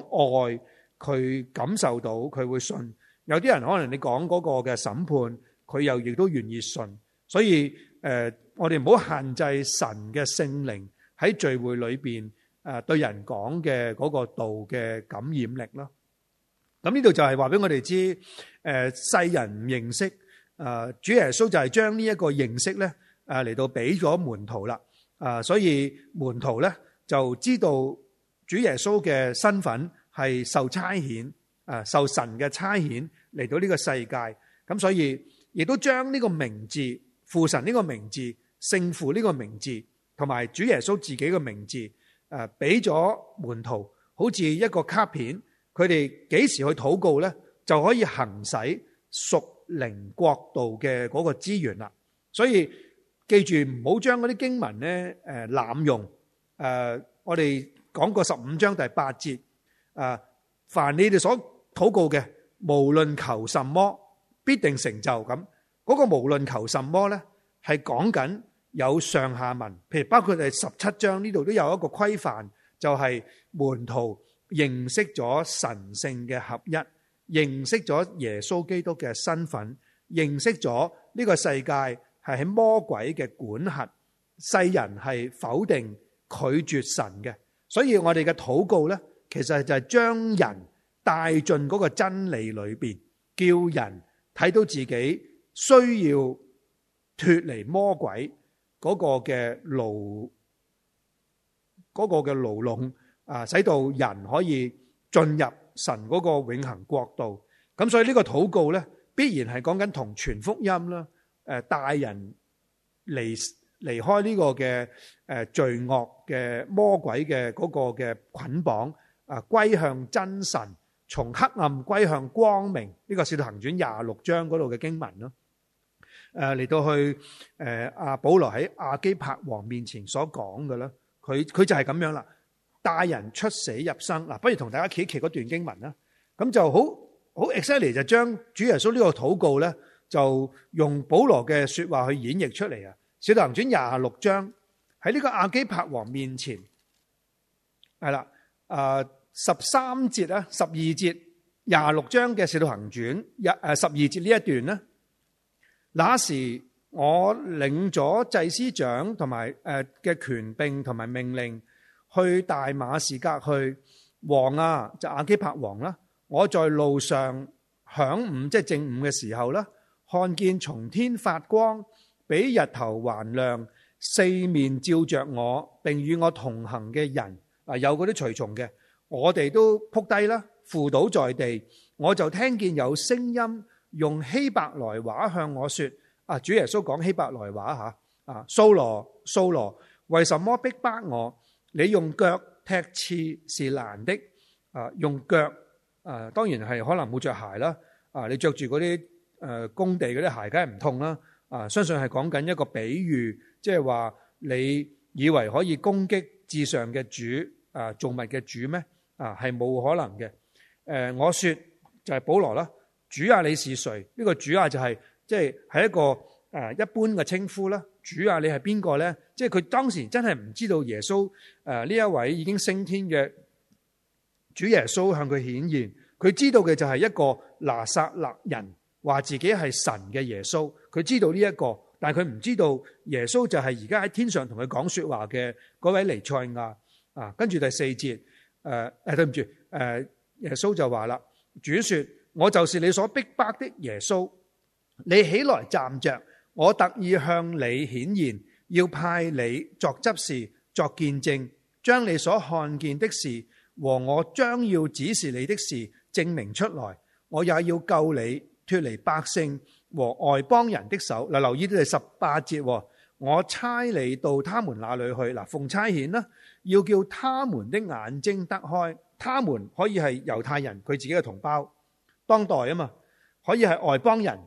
愛，佢感受到佢會信；有啲人可能你講嗰個嘅審判，佢又亦都願意信。所以。誒，我哋唔好限制神嘅聖靈喺聚會裏邊誒對人講嘅嗰個道嘅感染力咯。咁呢度就係話俾我哋知，誒世人唔認識，啊主耶穌就係將呢一個認識咧，啊嚟到俾咗門徒啦，啊所以門徒咧就知道主耶穌嘅身份係受差遣，啊受神嘅差遣嚟到呢個世界，咁所以亦都將呢個名字。父神呢個名字，聖父呢個名字，同埋主耶穌自己嘅名字，誒，俾咗門徒好似一個卡片，佢哋幾時去禱告咧，就可以行使屬靈國度嘅嗰個資源啦。所以記住唔好將嗰啲經文咧，誒，濫用。誒，我哋講過十五章第八節，誒，凡你哋所禱告嘅，無論求什麼，必定成就咁。嗰個無論求什麼呢，係講緊有上下文，譬如包括第十七章呢度都有一個規範，就係門徒認識咗神性嘅合一，認識咗耶穌基督嘅身份，認識咗呢個世界係喺魔鬼嘅管轄，世人係否定拒絕神嘅，所以我哋嘅禱告呢，其實就係將人帶進嗰個真理裏邊，叫人睇到自己。需要脫離魔鬼嗰個嘅牢嗰個嘅牢籠啊，使到人可以進入神嗰個永恆國度。咁所以呢個禱告咧，必然係講緊同傳福音啦，誒，帶人離離開呢個嘅誒罪惡嘅魔鬼嘅嗰個嘅捆綁啊，歸向真神，從黑暗歸向光明。呢個係使徒行傳廿六章嗰度嘅經文咯。誒，嚟到去誒，阿保羅喺亞基帕王面前所講嘅啦，佢佢就係咁樣啦，帶人出死入生。嗱，不如同大家企企嗰段經文啦，咁就好好 exciting 就將主耶穌呢個禱告咧，就用保羅嘅說話去演繹出嚟啊，《使徒行傳》廿六章喺呢個亞基帕王面前係啦，誒十三節啦，十二節廿六章嘅《使徒行傳》誒十二節呢一段咧。那時我領咗祭司長同埋誒嘅權柄同埋命令去大馬士革去，王啊，就亞基帕王啦。我在路上晌午即係，就是，正午嘅時候啦，看見從天發光，比日頭還亮，四面照着我，並與我同行嘅人啊，有嗰啲隨從嘅，我哋都扑低啦，伏倒在地，我就聽見有聲音。用希伯來話向我說：啊，主耶穌講希伯來話吓，啊，掃羅，掃羅，為什麼逼迫我？你用腳踢刺是難的，啊，用腳，啊，當然係可能冇着鞋啦，啊，你着住嗰啲，誒，工地嗰啲鞋，梗係唔痛啦，啊，相信係講緊一個比喻，即係話，你以為可以攻擊至上嘅主，啊主，啊，造物嘅主咩？啊，係冇可能嘅，誒，我說就係保羅啦。主啊，你是誰？呢、這個主啊就係即係係一個誒一般嘅稱呼啦。主啊，你係邊個咧？即係佢當時真係唔知道耶穌誒呢、呃、一位已經升天嘅主耶穌向佢顯現。佢知道嘅就係一個拿撒勒人，話自己係神嘅耶穌。佢知道呢、這、一個，但係佢唔知道耶穌就係而家喺天上同佢講說話嘅嗰位彌賽亞啊。跟住第四節，誒、呃、誒、哎、對唔住，誒、呃、耶穌就話啦，主說。我就是你所逼迫的耶穌，你起來站着，我特意向你顯現，要派你作執事、作見證，將你所看見的事和我將要指示你的事證明出來。我也要救你脫離百姓和外邦人的手。嗱，留意呢，係十八節。我差你到他們那裏去，嗱，奉差遣啦，要叫他們的眼睛得開，他們可以係猶太人，佢自己嘅同胞。當代啊嘛，可以係外邦人，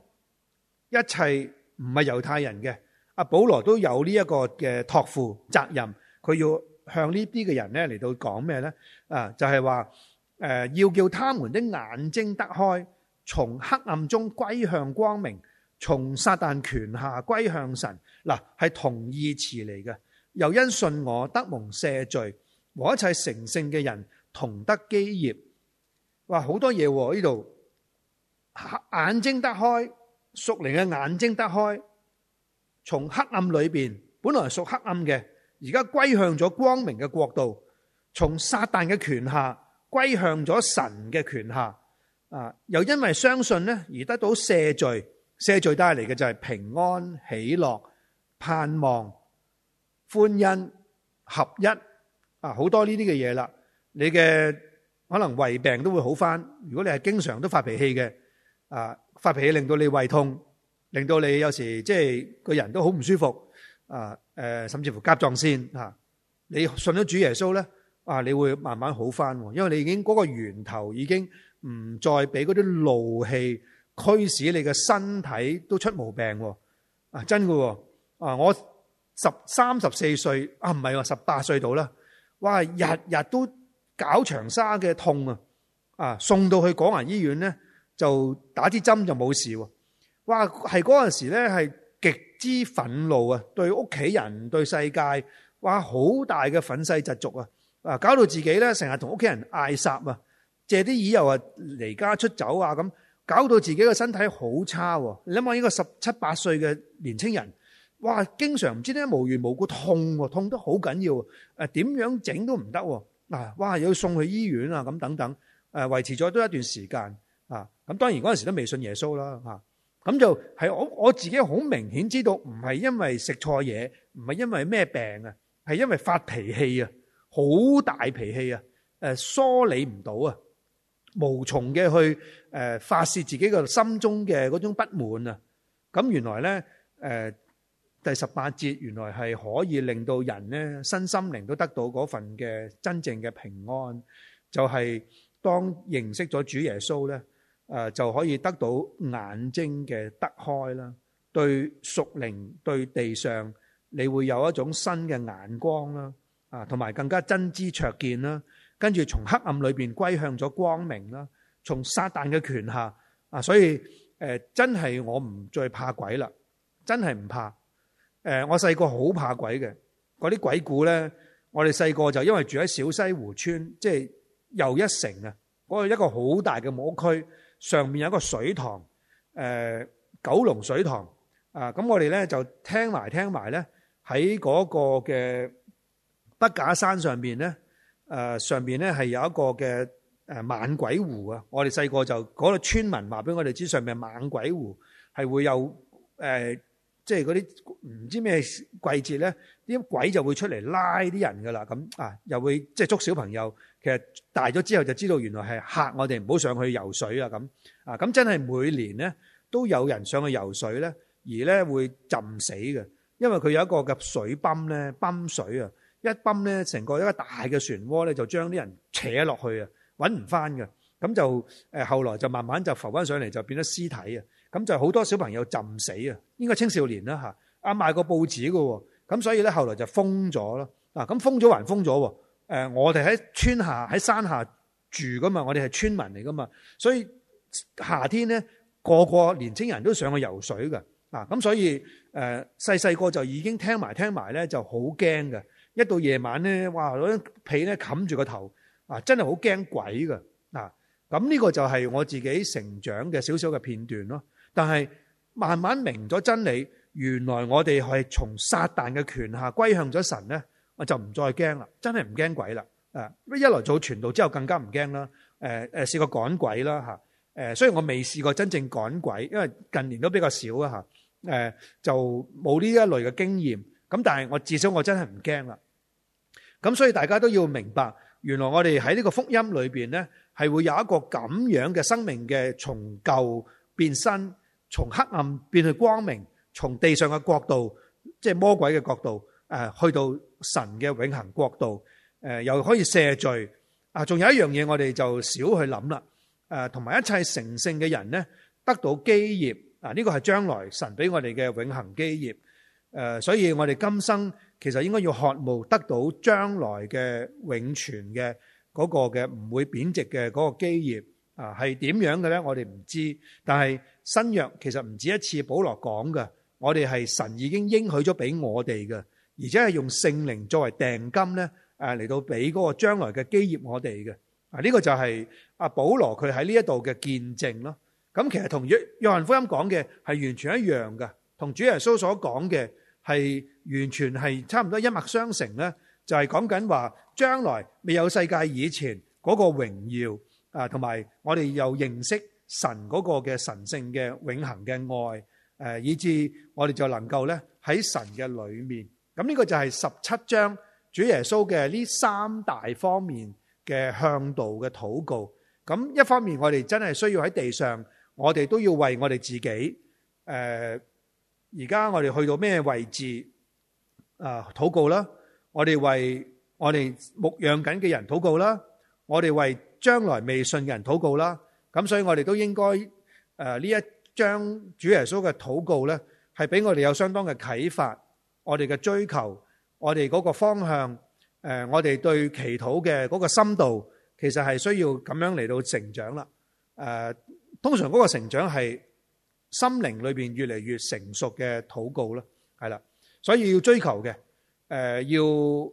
一切唔係猶太人嘅。阿保羅都有呢一個嘅託付責任，佢要向這些人來什麼呢啲嘅人咧，嚟到講咩咧？啊，就係話誒，要叫他們的眼睛得開，從黑暗中歸向光明，從撒但權下歸向神。嗱、啊，係同義詞嚟嘅。又因信我得蒙赦罪，和一切成聖嘅人同得基業。哇，好多嘢喎呢度。眼睛得開，屬靈嘅眼睛得開，從黑暗裏邊本來係屬黑暗嘅，而家歸向咗光明嘅國度，從撒旦嘅權下歸向咗神嘅權下，啊，又因為相信咧而得到赦罪，赦罪帶嚟嘅就係平安、喜樂、盼望、歡欣、合一，啊，好多呢啲嘅嘢啦。你嘅可能胃病都會好翻，如果你係經常都發脾氣嘅。啊！發脾氣令到你胃痛，令到你有時即係個人都好唔舒服。啊，誒，甚至乎甲狀腺啊，你信咗主耶穌咧，啊，你會慢慢好翻。因為你已經嗰個源頭已經唔再俾嗰啲怒氣驅使你嘅身體都出毛病。啊，真嘅喎！啊，我十三十四歲啊，唔係喎，十八歲到啦。哇，日日都搞長沙嘅痛啊！啊，送到去廣華醫院咧。就打支針就冇事喎，哇！係嗰陣時咧係極之憤怒啊，對屋企人對世界，哇！好大嘅憤世嫉俗啊，啊！搞到自己咧成日同屋企人嗌霎啊，借啲意又話離家出走啊咁，搞到自己嘅身體好差喎，啊。你諗下呢個十七八歲嘅年青人，哇！經常唔知點解無緣無故痛，啊，痛得好緊要，誒點樣整都唔得嗱，哇！要送去醫院啊咁等等，啊，誒維持咗都一段時間。啊，咁當然嗰陣時都未信耶穌啦，嚇，咁就係我我自己好明顯知道，唔係因為食錯嘢，唔係因為咩病啊，係因為發脾氣啊，好大脾氣啊，誒梳理唔到啊，無從嘅去誒發洩自己個心中嘅嗰種不滿啊，咁原來咧誒第十八節原來係可以令到人咧身心靈都得到嗰份嘅真正嘅平安，就係當認識咗主耶穌咧。誒就可以得到眼睛嘅得開啦，對屬靈對地上，你會有一種新嘅眼光啦，啊，同埋更加真知灼見啦，跟住從黑暗裏面歸向咗光明啦，從撒旦嘅權下啊，所以誒真係我唔再怕鬼啦，真係唔怕誒，我細個好怕鬼嘅，嗰啲鬼故咧，我哋細個就因為住喺小西湖村，即係又一城啊，個一個好大嘅魔區。上面有個水塘，誒，九龍水塘啊，咁我哋咧就聽埋聽埋咧，喺嗰個嘅筆架山上邊咧，誒上邊咧係有一個嘅誒猛鬼湖啊！我哋細個就嗰個村民話俾我哋知，上面猛鬼湖係會有誒，即係嗰啲唔知咩季節咧，啲鬼就會出嚟拉啲人㗎喇，咁啊又會即係捉小朋友。其實大咗之後就知道原來係嚇我哋唔好上去游水啊，咁啊，咁真係每年咧都有人上去游水咧而咧會浸死嘅，因為佢有一個嘅水泵咧泵水啊，一泵咧成個一個大嘅漩渦咧就將啲人扯落去啊，揾唔翻嘅，咁就誒後來就慢慢就浮翻上嚟就變咗屍體啊，咁就好多小朋友浸死啊，應該青少年啦嚇，啊賣個報紙㗎喎，咁所以咧後來就封咗囉，嗱咁封咗還封咗喎。誒，我哋喺村下喺山下住噶嘛，我哋係村民嚟噶嘛，所以夏天咧個個年青人都上去游水㗎。咁所以誒細細個就已經聽埋聽埋咧就好驚嘅，一到夜晚咧，哇攞張被咧冚住個頭，啊真係好驚鬼㗎。啊咁呢個就係我自己成長嘅小小嘅片段咯。但係慢慢明咗真理，原來我哋係從撒旦嘅權下歸向咗神咧。我就唔再驚啦，真係唔驚鬼啦。誒，一來做傳道之後更加唔驚啦。誒誒，試過趕鬼啦嚇。誒，雖然我未試過真正趕鬼，因為近年都比較少啊嚇。誒，就冇呢一類嘅經驗。咁但係我至少我真係唔驚啦。咁所以大家都要明白，原來我哋喺呢個福音裏邊咧，係會有一個咁樣嘅生命嘅從舊變新，從黑暗變去光明，從地上嘅角度，即係魔鬼嘅角度，誒去到，神嘅永恒國度，誒，又可以赦罪啊。仲有一樣嘢，我哋就少去諗啦。誒，同埋一切成聖嘅人呢，得到基業啊。呢個係將來神俾我哋嘅永恒基業。誒，所以我哋今生其實應該要渴慕得到將來嘅永存嘅嗰個嘅唔會貶值嘅嗰個基業啊。係點樣嘅呢？我哋唔知。但係新約其實唔止一次，保羅講嘅，我哋係神已經應許咗俾我哋嘅。而且係用聖靈作為定金咧，誒，嚟到俾嗰個將來嘅基業我哋嘅，啊，呢個就係阿保羅佢喺呢一度嘅見證咯。咁其實同約約翰福音講嘅係完全一樣嘅，同主耶穌所講嘅係完全係差唔多一脈相承咧。就係講緊話將來未有世界以前嗰個榮耀，啊同埋我哋又認識神嗰個嘅神聖嘅永恆嘅愛，誒以致我哋就能夠咧喺神嘅裏面。咁呢個就係十七章主耶穌嘅呢三大方面嘅向導嘅禱告。咁一方面我哋真係需要喺地上，我哋都要為我哋自己。誒，而家我哋去到咩位置啊？禱告啦，我哋為我哋牧養緊嘅人禱告啦，我哋為將來未信嘅人禱告啦。咁所以我哋都應該誒呢一章主耶穌嘅禱告咧，係俾我哋有相當嘅啟發。我哋嘅追求，我哋嗰個方向，誒，我哋對祈禱嘅嗰個深度，其實係需要咁樣嚟到成長啦。誒，通常嗰個成長係心靈裏邊越嚟越成熟嘅禱告啦，係啦。所以要追求嘅，誒，要唔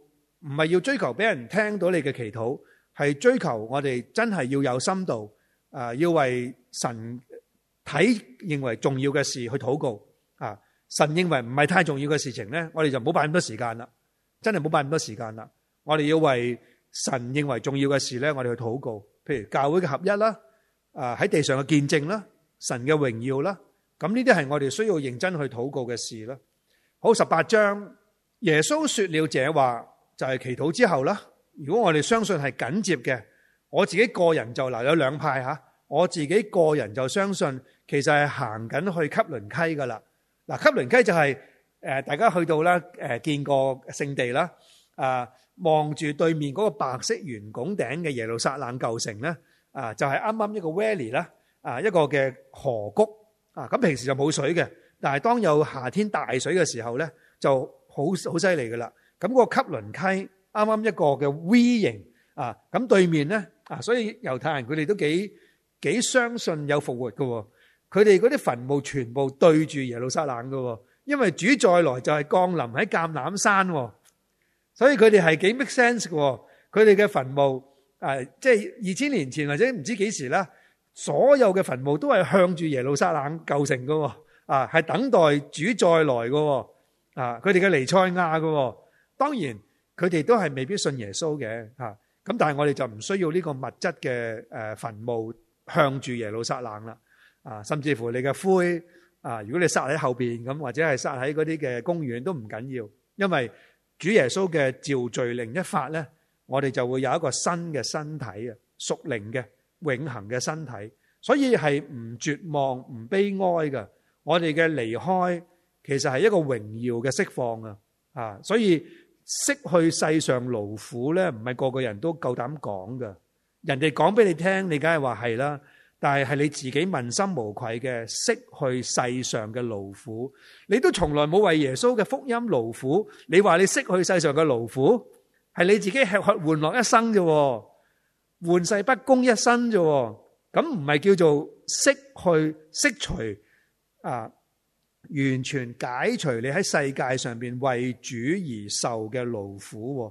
係要追求俾人聽到你嘅祈禱，係追求我哋真係要有深度，誒，要為神睇認為重要嘅事去禱告。神認為唔係太重要嘅事情咧，我哋就唔好擺咁多時間啦，真係唔好擺咁多時間啦。我哋要為神認為重要嘅事咧，我哋去禱告，譬如教會嘅合一啦，啊喺地上嘅見證啦，神嘅榮耀啦，咁呢啲係我哋需要認真去禱告嘅事啦。好，十八章耶穌說了這話，就係祈禱之後啦。如果我哋相信係緊接嘅，我自己個人就留有兩派吓，我自己個人就相信其實係行緊去汲淪溪噶啦。嗱，汲淪溪就係誒大家去到咧誒見過聖地啦，啊望住對面嗰個白色圓拱頂嘅耶路撒冷舊城咧，啊就係啱啱一個 valley 啦，啊一個嘅河谷啊，咁平時就冇水嘅，但係當有夏天大水嘅時候咧，就好好犀利噶啦。咁嗰個汲淪溪啱啱一個嘅 V 型啊，咁對面咧啊，所以猶太人佢哋都幾幾相信有復活㗎喎。佢哋嗰啲墳墓全部對住耶路撒冷噶，因為主再來就係降臨喺橄欖山，所以佢哋係幾 make sense 噶。佢哋嘅墳墓誒，即係二千年前或者唔知幾時啦，所有嘅墳墓都係向住耶路撒冷構成噶，啊，係等待主再來噶，啊，佢哋嘅尼賽亞噶，當然佢哋都係未必信耶穌嘅，吓，咁但係我哋就唔需要呢個物質嘅誒墳墓向住耶路撒冷啦。啊，甚至乎你嘅灰啊，如果你撒喺後邊咁，或者係撒喺嗰啲嘅公園都唔緊要，因為主耶穌嘅召罪令一發咧，我哋就會有一個新嘅身體啊，屬靈嘅永恆嘅身體，所以係唔絕望唔悲哀噶。我哋嘅離開其實係一個榮耀嘅釋放啊，啊，所以失去世上勞苦咧，唔係個個人都夠膽講噶，人哋講俾你聽，你梗係話係啦。但係係你自己問心無愧嘅，釋去世上嘅勞苦，你都從來冇為耶穌嘅福音勞苦。你話你釋去世上嘅勞苦，係你自己吃喝玩樂一生啫，玩世不恭一生啫。咁唔係叫做釋去、釋除啊，完全解除你喺世界上邊為主而受嘅勞苦。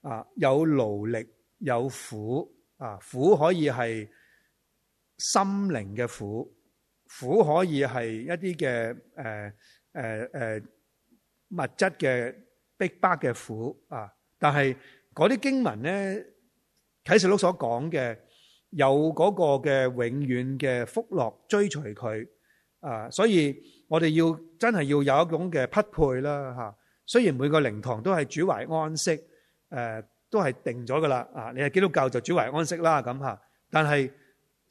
啊，有勞力有苦啊，苦可以係。心靈嘅苦，苦可以係一啲嘅，誒誒誒物質嘅逼迫嘅苦啊，但係嗰啲經文咧，啟示錄所講嘅有嗰個嘅永遠嘅福樂追隨佢啊，所以我哋要真係要有一種嘅匹配啦吓，啊。雖然每個靈堂都係主懷安息，誒、啊、都係定咗噶啦啊，你係基督教就主懷安息啦咁吓，但係。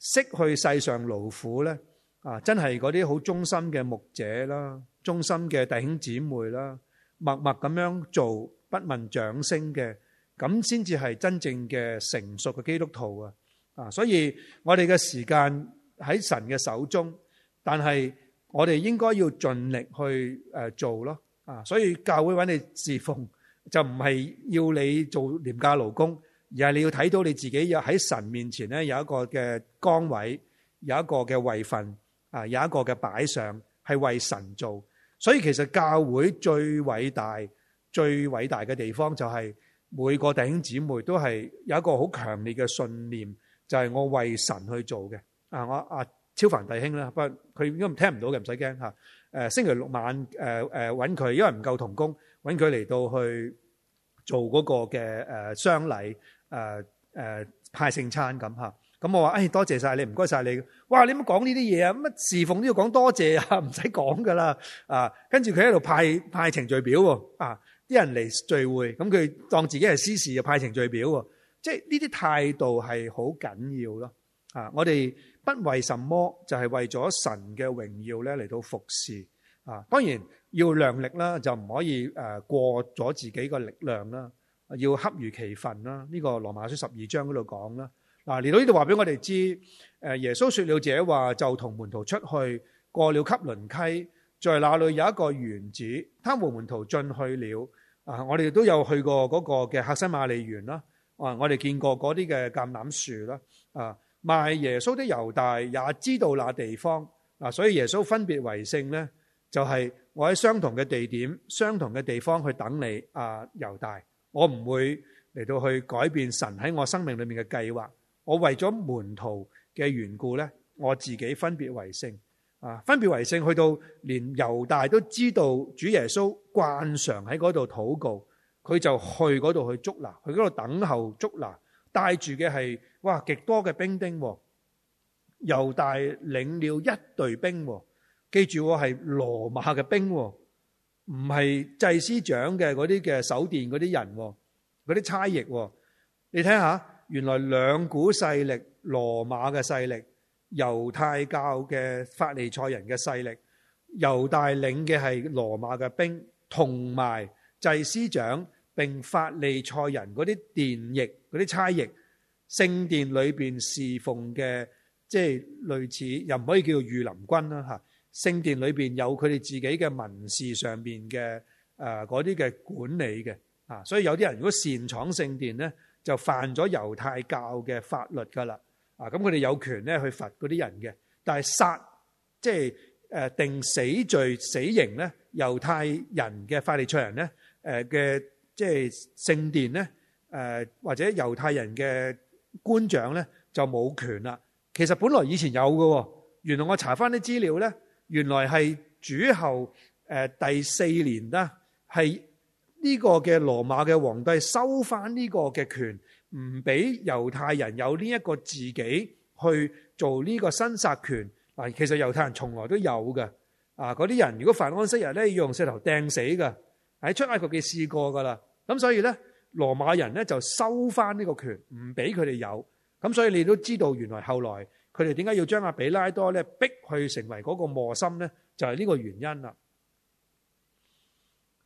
識去世上勞苦咧，啊，真係嗰啲好忠心嘅牧者啦，忠心嘅弟兄姊妹啦，默默咁樣做不問掌聲嘅，咁先至係真正嘅成熟嘅基督徒啊！啊，所以我哋嘅時間喺神嘅手中，但係我哋應該要盡力去誒做咯，啊，所以教會揾你侍奉就唔係要你做廉價勞工。而係你要睇到你自己有喺神面前咧，有一個嘅崗位，有一個嘅位份，啊，有一個嘅擺上係為神做。所以其實教會最偉大、最偉大嘅地方，就係每個弟兄姊妹都係有一個好強烈嘅信念，就係、是、我為神去做嘅。啊，我、啊、阿超凡弟兄啦，不過佢應該聽唔到嘅，唔使驚嚇。星期六晚搵佢、啊啊，因為唔夠同工搵佢嚟到去做嗰個嘅、啊、喪禮。誒誒、呃呃、派聖餐咁咁我話誒多謝晒你，唔該晒你。哇！你唔講呢啲嘢啊？乜侍奉都要講多謝啊？唔使講噶啦啊！跟住佢喺度派派程序表喎啊！啲人嚟聚會，咁佢當自己係私事就派程序表喎。即係呢啲態度係好緊要咯啊！我哋不為什麼，就係、是、為咗神嘅榮耀咧嚟到服侍。啊。當然要量力啦，就唔可以誒、呃、過咗自己個力量啦。要恰如其分啦，呢個羅馬書十二章嗰度講啦。嗱，嚟到呢度話俾我哋知，誒耶穌説了這話，就同門徒出去過了汲淪溪，在那裡有一個園子，他和門徒進去了。啊，我哋都有去過嗰個嘅客西馬尼園啦，啊，我哋見過嗰啲嘅橄欖樹啦，啊，賣耶穌的猶大也知道那地方，嗱，所以耶穌分別為聖呢，就係我喺相同嘅地點、相同嘅地方去等你，啊，猶大。我唔會嚟到去改變神喺我生命裏面嘅計劃。我為咗門徒嘅緣故咧，我自己分別為聖啊，分別為聖去到連猶大都知道主耶穌慣常喺嗰度禱告，佢就去嗰度去捉拿，去嗰度等候捉拿，帶住嘅係哇極多嘅兵丁。猶大領了一隊兵，記住我係羅馬嘅兵。唔係祭司長嘅嗰啲嘅守殿嗰啲人，嗰啲差役。你睇下，原來兩股勢力，羅馬嘅勢力、猶太教嘅法利賽人嘅勢力，猶大領嘅係羅馬嘅兵，同埋祭司長並法利賽人嗰啲殿役、嗰啲差役，聖殿裏邊侍奉嘅，即係類似又唔可以叫御林軍啦嚇。聖殿裏邊有佢哋自己嘅民事上邊嘅誒嗰啲嘅管理嘅啊，所以有啲人如果擅闖聖殿咧，就犯咗猶太教嘅法律噶啦啊！咁佢哋有權咧去罰嗰啲人嘅，但係殺即係誒定死罪死刑咧，猶太人嘅法利賽人咧誒嘅即係聖殿咧誒、呃、或者猶太人嘅官長咧就冇權啦。其實本來以前有㗎，原來我查翻啲資料咧。原來係主後誒第四年啦，係呢個嘅羅馬嘅皇帝收翻呢個嘅權，唔俾猶太人有呢一個自己去做呢個生殺權。嗱，其實猶太人從來都有嘅。啊，嗰啲人如果犯安息日咧，要用石頭掟死噶。喺出埃及記試過噶啦。咁所以咧，羅馬人咧就收翻呢個權，唔俾佢哋有。咁所以你都知道，原來後來。佢哋點解要將阿比拉多咧逼去成為嗰個磨心咧？就係、是、呢個原因啦。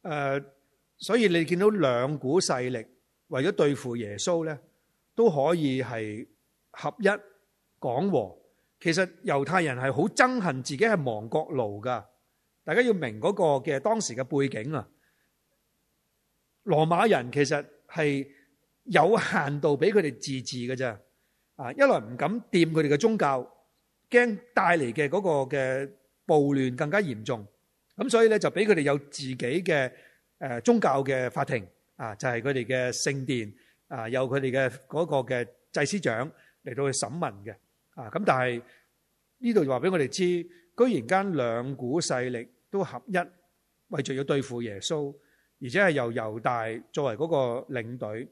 誒，所以你見到兩股勢力為咗對付耶穌咧，都可以係合一講和。其實猶太人係好憎恨自己係亡國奴噶。大家要明嗰個嘅當時嘅背景啊。羅馬人其實係有限度俾佢哋自治嘅啫。一來唔敢掂佢哋嘅宗教，驚帶嚟嘅嗰個嘅暴亂更加嚴重，咁所以咧就俾佢哋有自己嘅誒宗教嘅法庭，啊就係佢哋嘅聖殿，啊有佢哋嘅嗰個嘅祭司長嚟到去審問嘅，啊咁但係呢度就話俾我哋知，居然間兩股勢力都合一，為咗要對付耶穌，而且係由猶大作為嗰個領隊。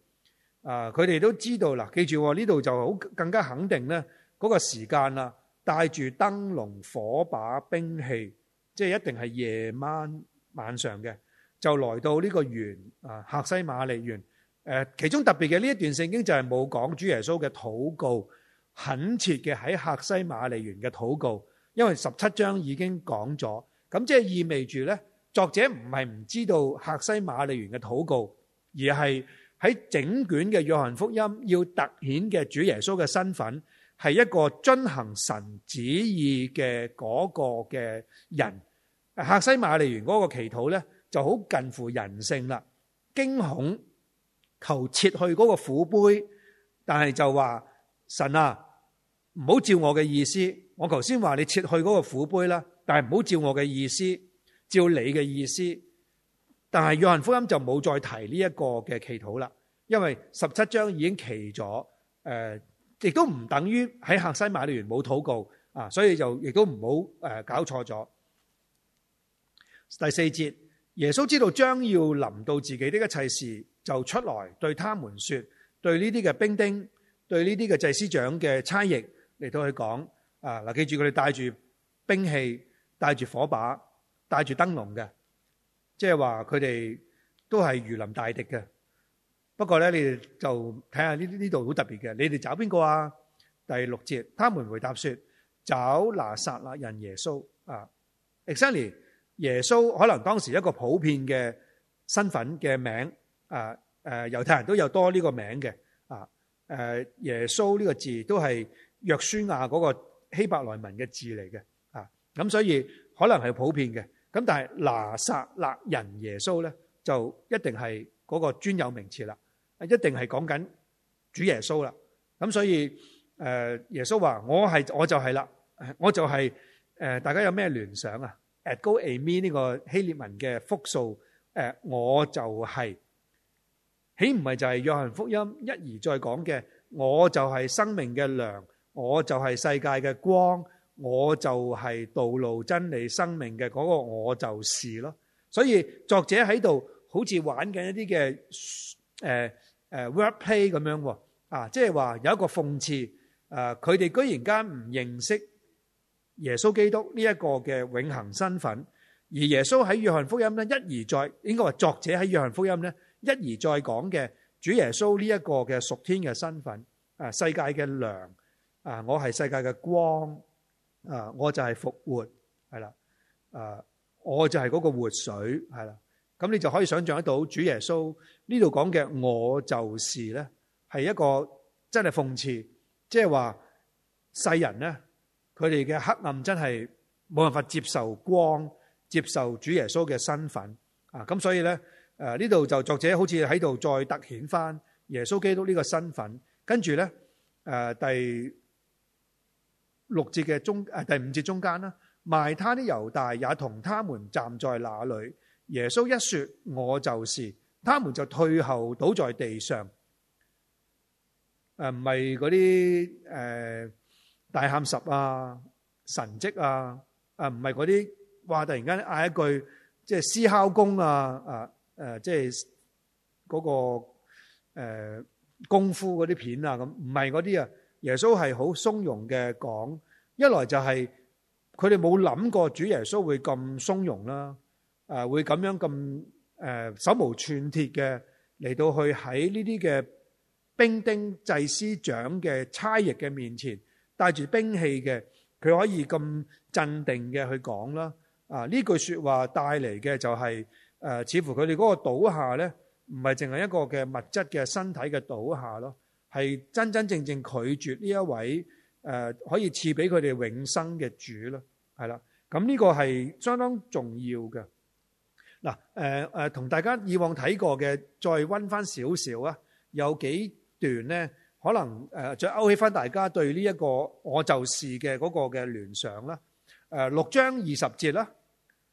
啊！佢哋都知道啦，記住呢度、哦、就好更加肯定呢嗰、那個時間啦，帶住燈籠、火把、兵器，即係一定係夜晚晚上嘅，就來到呢個園啊，客西馬尼園。誒、呃，其中特別嘅呢一段聖經就係冇講主耶穌嘅禱告，懇切嘅喺客西馬尼園嘅禱告，因為十七章已經講咗。咁即係意味住呢，作者唔係唔知道客西馬尼園嘅禱告，而係。喺整卷嘅約翰福音，要特顯嘅主耶穌嘅身份，係一個遵行神旨意嘅嗰個嘅人。客西馬尼園嗰個祈禱咧，就好近乎人性啦，驚恐求撤去嗰個苦杯，但係就話神啊，唔好照我嘅意思，我頭先話你撤去嗰個苦杯啦，但係唔好照我嘅意思，照你嘅意思。但係《約翰福音》就冇再提呢一個嘅祈禱啦，因為十七章已經祈咗，誒亦都唔等於喺客西馬尼園冇禱告啊，所以就亦都唔好誒搞錯咗。第四節，耶穌知道將要臨到自己呢一切事，就出來對他們説，對呢啲嘅兵丁，對呢啲嘅祭司長嘅差役嚟到去講啊嗱，記住佢哋帶住兵器、帶住火把、帶住燈籠嘅。即係話佢哋都係如林大敵嘅，不過咧，你哋就睇下呢呢度好特別嘅。你哋找邊個啊？第六節，他們回答說：找拿撒勒人耶穌啊。exactly，耶穌可能當時一個普遍嘅身份嘅名啊，誒猶太人都有多呢個名嘅啊，誒耶穌呢個字都係約書亞嗰個希伯來文嘅字嚟嘅啊，咁所以可能係普遍嘅。咁但係拿撒勒人耶穌咧，就一定係嗰個專有名詞啦，一定係講緊主耶穌啦。咁所以，誒，耶穌話：我係我就係啦，我就係。誒、就是，大家有咩聯想啊？ego eimi 呢個希臘文嘅複數，誒，我就係、是，起唔係就係約翰福音一而再講嘅，我就係生命嘅糧，我就係世界嘅光。我就係道路、真理、生命嘅嗰個，我就是咯。所以作者喺度好似玩緊一啲嘅誒誒 wordplay 咁樣喎，啊，即係話有一個諷刺啊，佢哋居然間唔認識耶穌基督呢一個嘅永恆身份，而耶穌喺約翰福音咧一而再，應該話作者喺約翰福音咧一而再講嘅主耶穌呢一個嘅屬天嘅身份啊，世界嘅良啊，我係世界嘅光。啊！我就係復活，係啦，啊！我就係嗰個活水，係啦。咁你就可以想象得到，主耶穌呢度講嘅我就是咧，係一個真係諷刺，即係話世人咧，佢哋嘅黑暗真係冇辦法接受光，接受主耶穌嘅身份啊！咁所以咧，誒呢度就作者好似喺度再凸顯翻耶穌基督呢個身份，跟住咧，誒第。六節嘅中誒，第五節中間啦，賣他的猶大也同他們站在那裡。耶穌一説我就是，他們就退後倒在地上。誒，唔係嗰啲，誒，大喊十啊，神蹟啊，啊，唔係嗰啲，話突然間嗌一句，即係獅吼功啊，啊，誒，即係嗰個，誒，功夫嗰啲片啊，咁唔係嗰啲啊。耶穌係好從容嘅講，一來就係佢哋冇諗過主耶穌會咁從容啦，誒會咁樣咁誒手無寸鐵嘅嚟到去喺呢啲嘅兵丁祭司長嘅差役嘅面前帶住兵器嘅，佢可以咁鎮定嘅去講啦。啊，呢句説話帶嚟嘅就係、是、誒、呃，似乎佢哋嗰個倒下咧，唔係淨係一個嘅物質嘅身體嘅倒下咯。係真真正正拒絕呢一位誒可以賜俾佢哋永生嘅主咯，係啦。咁呢個係相當重要嘅，嗱誒誒，同大家以往睇過嘅再温翻少少啊，有幾段咧可能誒再勾起翻大家對呢一個我就是嘅嗰個嘅聯想啦。誒六章二十節啦，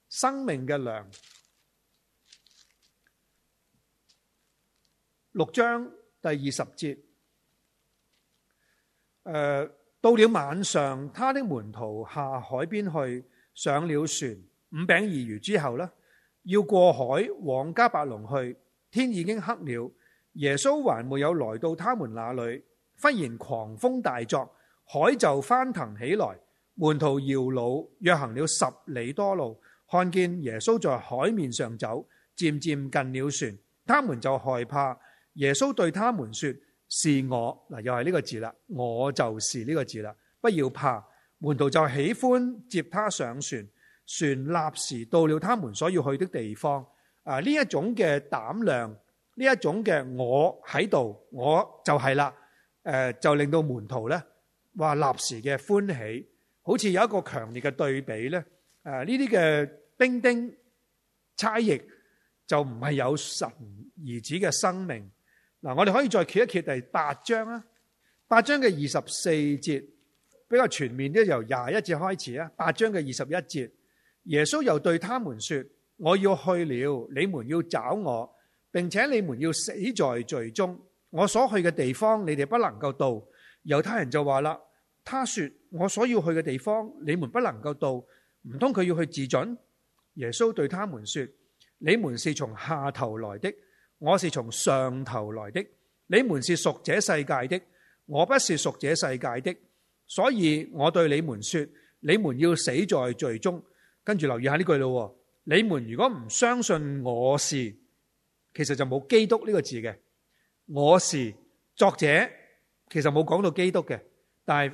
生命嘅糧，六章第二十節。誒到了晚上，他的門徒下海邊去上了船，五餅二魚之後呢要過海往迦百農去。天已經黑了，耶穌還沒有來到他們那裏。忽然狂風大作，海就翻騰起來，門徒搖櫓，約行了十里多路，看見耶穌在海面上走，漸漸近了船，他們就害怕。耶穌對他們說。是我嗱，又係呢個字啦，我就是呢個字啦，不要怕，門徒就喜歡接他上船，船立時到了他們所要去的地方。啊，呢一種嘅膽量，呢一種嘅我喺度，我就係啦，誒、啊，就令到門徒咧話立時嘅歡喜，好似有一個強烈嘅對比咧。誒、啊，呢啲嘅兵丁差役就唔係有神兒子嘅生命。嗱，我哋可以再揭一揭第八章啊，八章嘅二十四節比較全面啲，由廿一節開始啊。八章嘅二十一節，耶穌又對他們說：我要去了，你們要找我，並且你們要死在罪中。我所去嘅地方，你哋不能夠到。猶太人就話啦：他說我所要去嘅地方，你們不能夠到。唔通佢要去自盡？耶穌對他們說：你們是從下頭來的。我是從上頭來的，你們是屬這世界的，我不是屬這世界的，所以我對你們說，你們要死在罪中，跟住留意下呢句咯，你們如果唔相信我是，其實就冇基督呢個字嘅。我是作者，其實冇講到基督嘅，但係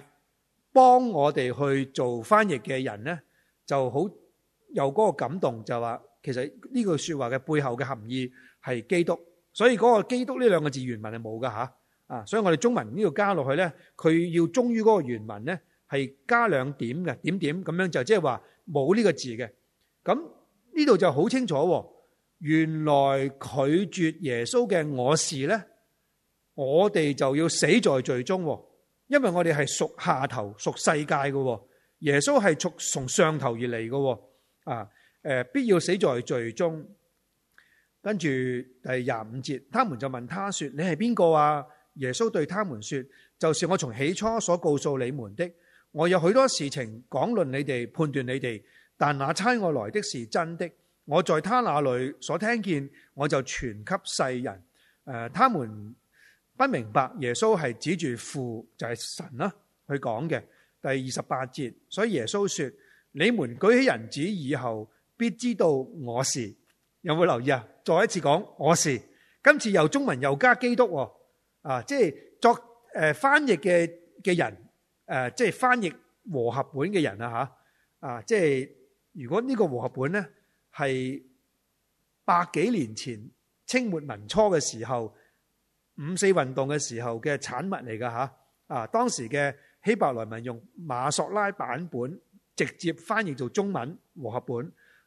幫我哋去做翻譯嘅人呢，就好有嗰個感動，就話其實呢句說話嘅背後嘅含義。係基督，所以嗰個基督呢兩個字原文係冇㗎。吓啊，所以我哋中文呢度加落去咧，佢要忠於嗰個原文咧，係加兩點嘅點點咁樣，就即係話冇呢個字嘅。咁呢度就好清楚，原來拒絕耶穌嘅我是咧，我哋就要死在罪中，因為我哋係屬下頭屬世界嘅，耶穌係從上頭而嚟嘅啊，誒，必要死在罪中。跟住第廿五節，他們就問他說：你係邊個啊？耶穌對他們說：就是我從起初所告訴你們的，我有許多事情講論你哋，判斷你哋。但那差我來的是真的，我在他那裏所聽見，我就傳給世人。誒，他們不明白耶穌係指住父就係神啦，去講嘅。第二十八節，所以耶穌說：你們舉起人子以後，必知道我是。有冇留意啊？再一次講，我是今次由中文又加基督喎，啊，即係作、呃、翻譯嘅嘅人，啊、即係翻譯和合本嘅人啊嚇，啊，即係如果呢個和合本咧係百幾年前清末民初嘅時候五四運動嘅時候嘅產物嚟㗎嚇，啊，當時嘅希伯來文用馬索拉版本直接翻譯做中文和合本。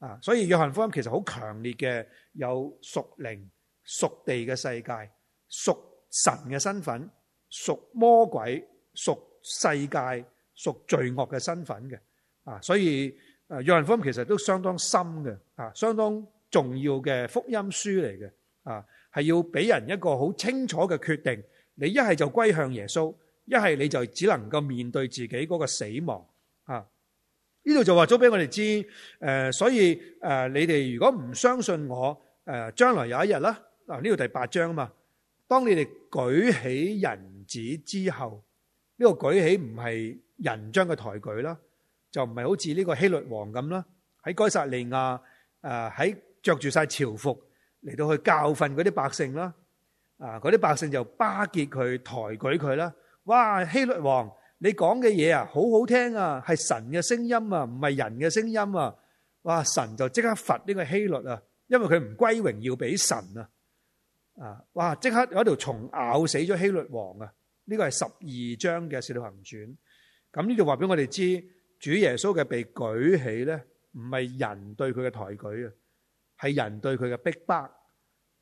啊，所以約翰福音其實好強烈嘅，有屬靈、屬地嘅世界、屬神嘅身份、屬魔鬼、屬世界、屬罪惡嘅身份嘅。啊，所以啊，約翰福音其實都相當深嘅，啊，相當重要嘅福音書嚟嘅。啊，係要俾人一個好清楚嘅決定，你一係就歸向耶穌，一係你就只能夠面對自己嗰個死亡。啊。呢度就話咗俾我哋知，誒，所以誒，你哋如果唔相信我，誒，將來有一日啦，嗱，呢度第八章啊嘛，當你哋舉起人子之後，呢個舉起唔係人將嘅抬舉啦，就唔係好似呢個希律王咁啦，喺該撒利亞誒，喺着住晒朝服嚟到去教訓嗰啲百姓啦，啊，嗰啲百姓就巴結佢抬舉佢啦，哇，希律王。你講嘅嘢啊，好好聽啊，係神嘅聲音啊，唔係人嘅聲音啊！哇，神就即刻罰呢個希律啊，因為佢唔歸榮耀俾神啊！啊，哇，即刻有條蟲咬死咗希律王啊！呢個係十二章嘅《使徒行傳》。咁呢度話俾我哋知，主耶穌嘅被舉起咧，唔係人對佢嘅抬舉啊，係人對佢嘅逼迫，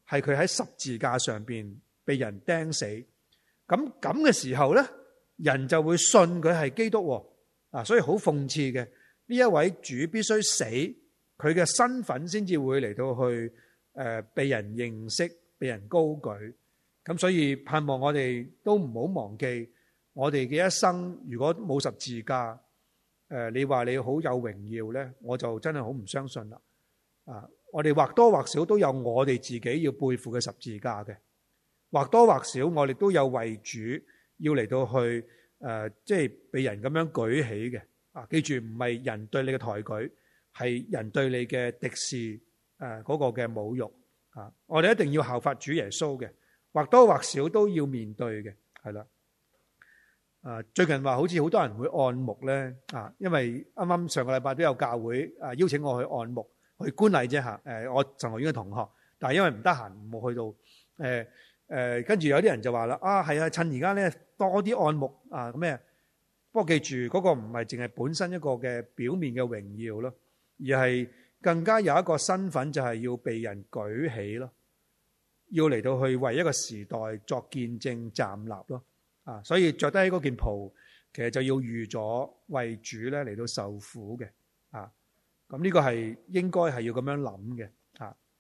係佢喺十字架上邊被人釘死。咁咁嘅時候咧？人就會信佢係基督啊，所以好諷刺嘅。呢一位主必須死，佢嘅身份先至會嚟到去誒被人認識、被人高舉。咁所以盼望我哋都唔好忘記，我哋嘅一生如果冇十字架，誒你話你好有榮耀呢，我就真係好唔相信啦。啊，我哋或多或少都有我哋自己要背負嘅十字架嘅，或多或少我哋都有為主。要嚟到去，誒、呃，即係被人咁樣舉起嘅，啊，記住唔係人對你嘅抬舉，係人對你嘅敵視，誒、啊，嗰、那個嘅侮辱，啊，我哋一定要效法主耶穌嘅，或多或少都要面對嘅，係啦，誒、啊，最近話好似好多人會按牧咧，啊，因為啱啱上個禮拜都有教會誒、啊、邀請我去按牧去觀禮啫嚇，誒、呃，我神學院嘅同學，但係因為唔得閒冇去到，誒、呃。誒，跟住有啲人就話啦，啊，係啊，趁而家咧多啲按牧，啊，咩？不過記住嗰、那個唔係淨係本身一個嘅表面嘅榮耀咯，而係更加有一個身份，就係要被人舉起咯，要嚟到去為一個時代作見證站立咯，啊，所以着低嗰件袍，其實就要預咗為主咧嚟到受苦嘅，啊，咁、這、呢個係應該係要咁樣諗嘅。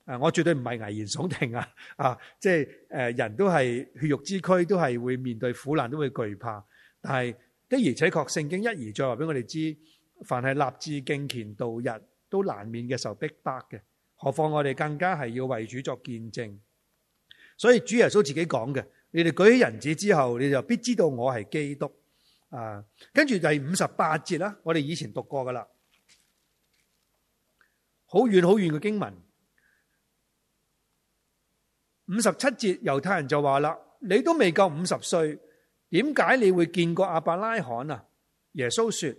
誒，我絕對唔係危言聳聽啊！啊，即係誒，人都係血肉之軀，都係會面對苦難，都會懼怕。但係的而且確，聖經一而再話俾我哋知，凡係立志敬虔度日，都難免嘅受逼迫嘅。何況我哋更加係要為主作見證。所以主耶穌自己講嘅，你哋舉起人子之後，你就必知道我係基督。啊，跟住第五十八節啦，啊，我哋以前讀過噶啦，好遠好遠嘅經文。五十七節，猶太人就話啦：你都未夠五十歲，點解你會見過亞伯拉罕啊？耶穌說：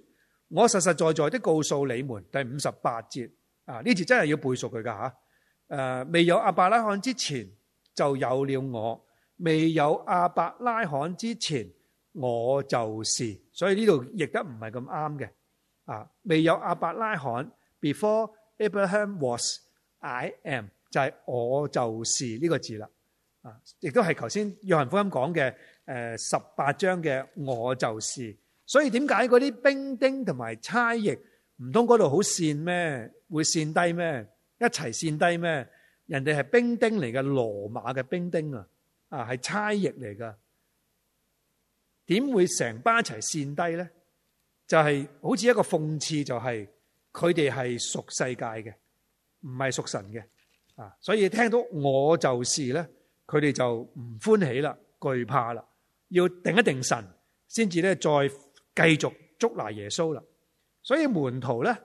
我實實在在地告訴你們，第五十八節啊，呢節真係要背熟佢噶吓。誒，未有亞伯拉罕之前就有了我，未有亞伯拉罕之前我就是。所以呢度譯得唔係咁啱嘅。啊，未有亞伯拉罕，before Abraham was，I am。就係、是、我就是呢、這個字啦，啊，亦都係頭先《約翰福音》講嘅誒十八章嘅我就是。所以點解嗰啲兵丁同埋差役唔通嗰度好跣咩？會跣低咩？一齊跣低咩？人哋係兵丁嚟嘅，羅馬嘅兵丁啊，啊係差役嚟嘅，點會成班一齊跣低咧？就係、是、好似一個諷刺，就係佢哋係屬世界嘅，唔係屬神嘅。啊！所以聽到我就是咧，佢哋就唔歡喜啦，懼怕啦，要定一定神先至咧，再繼續捉拿耶穌啦。所以門徒咧，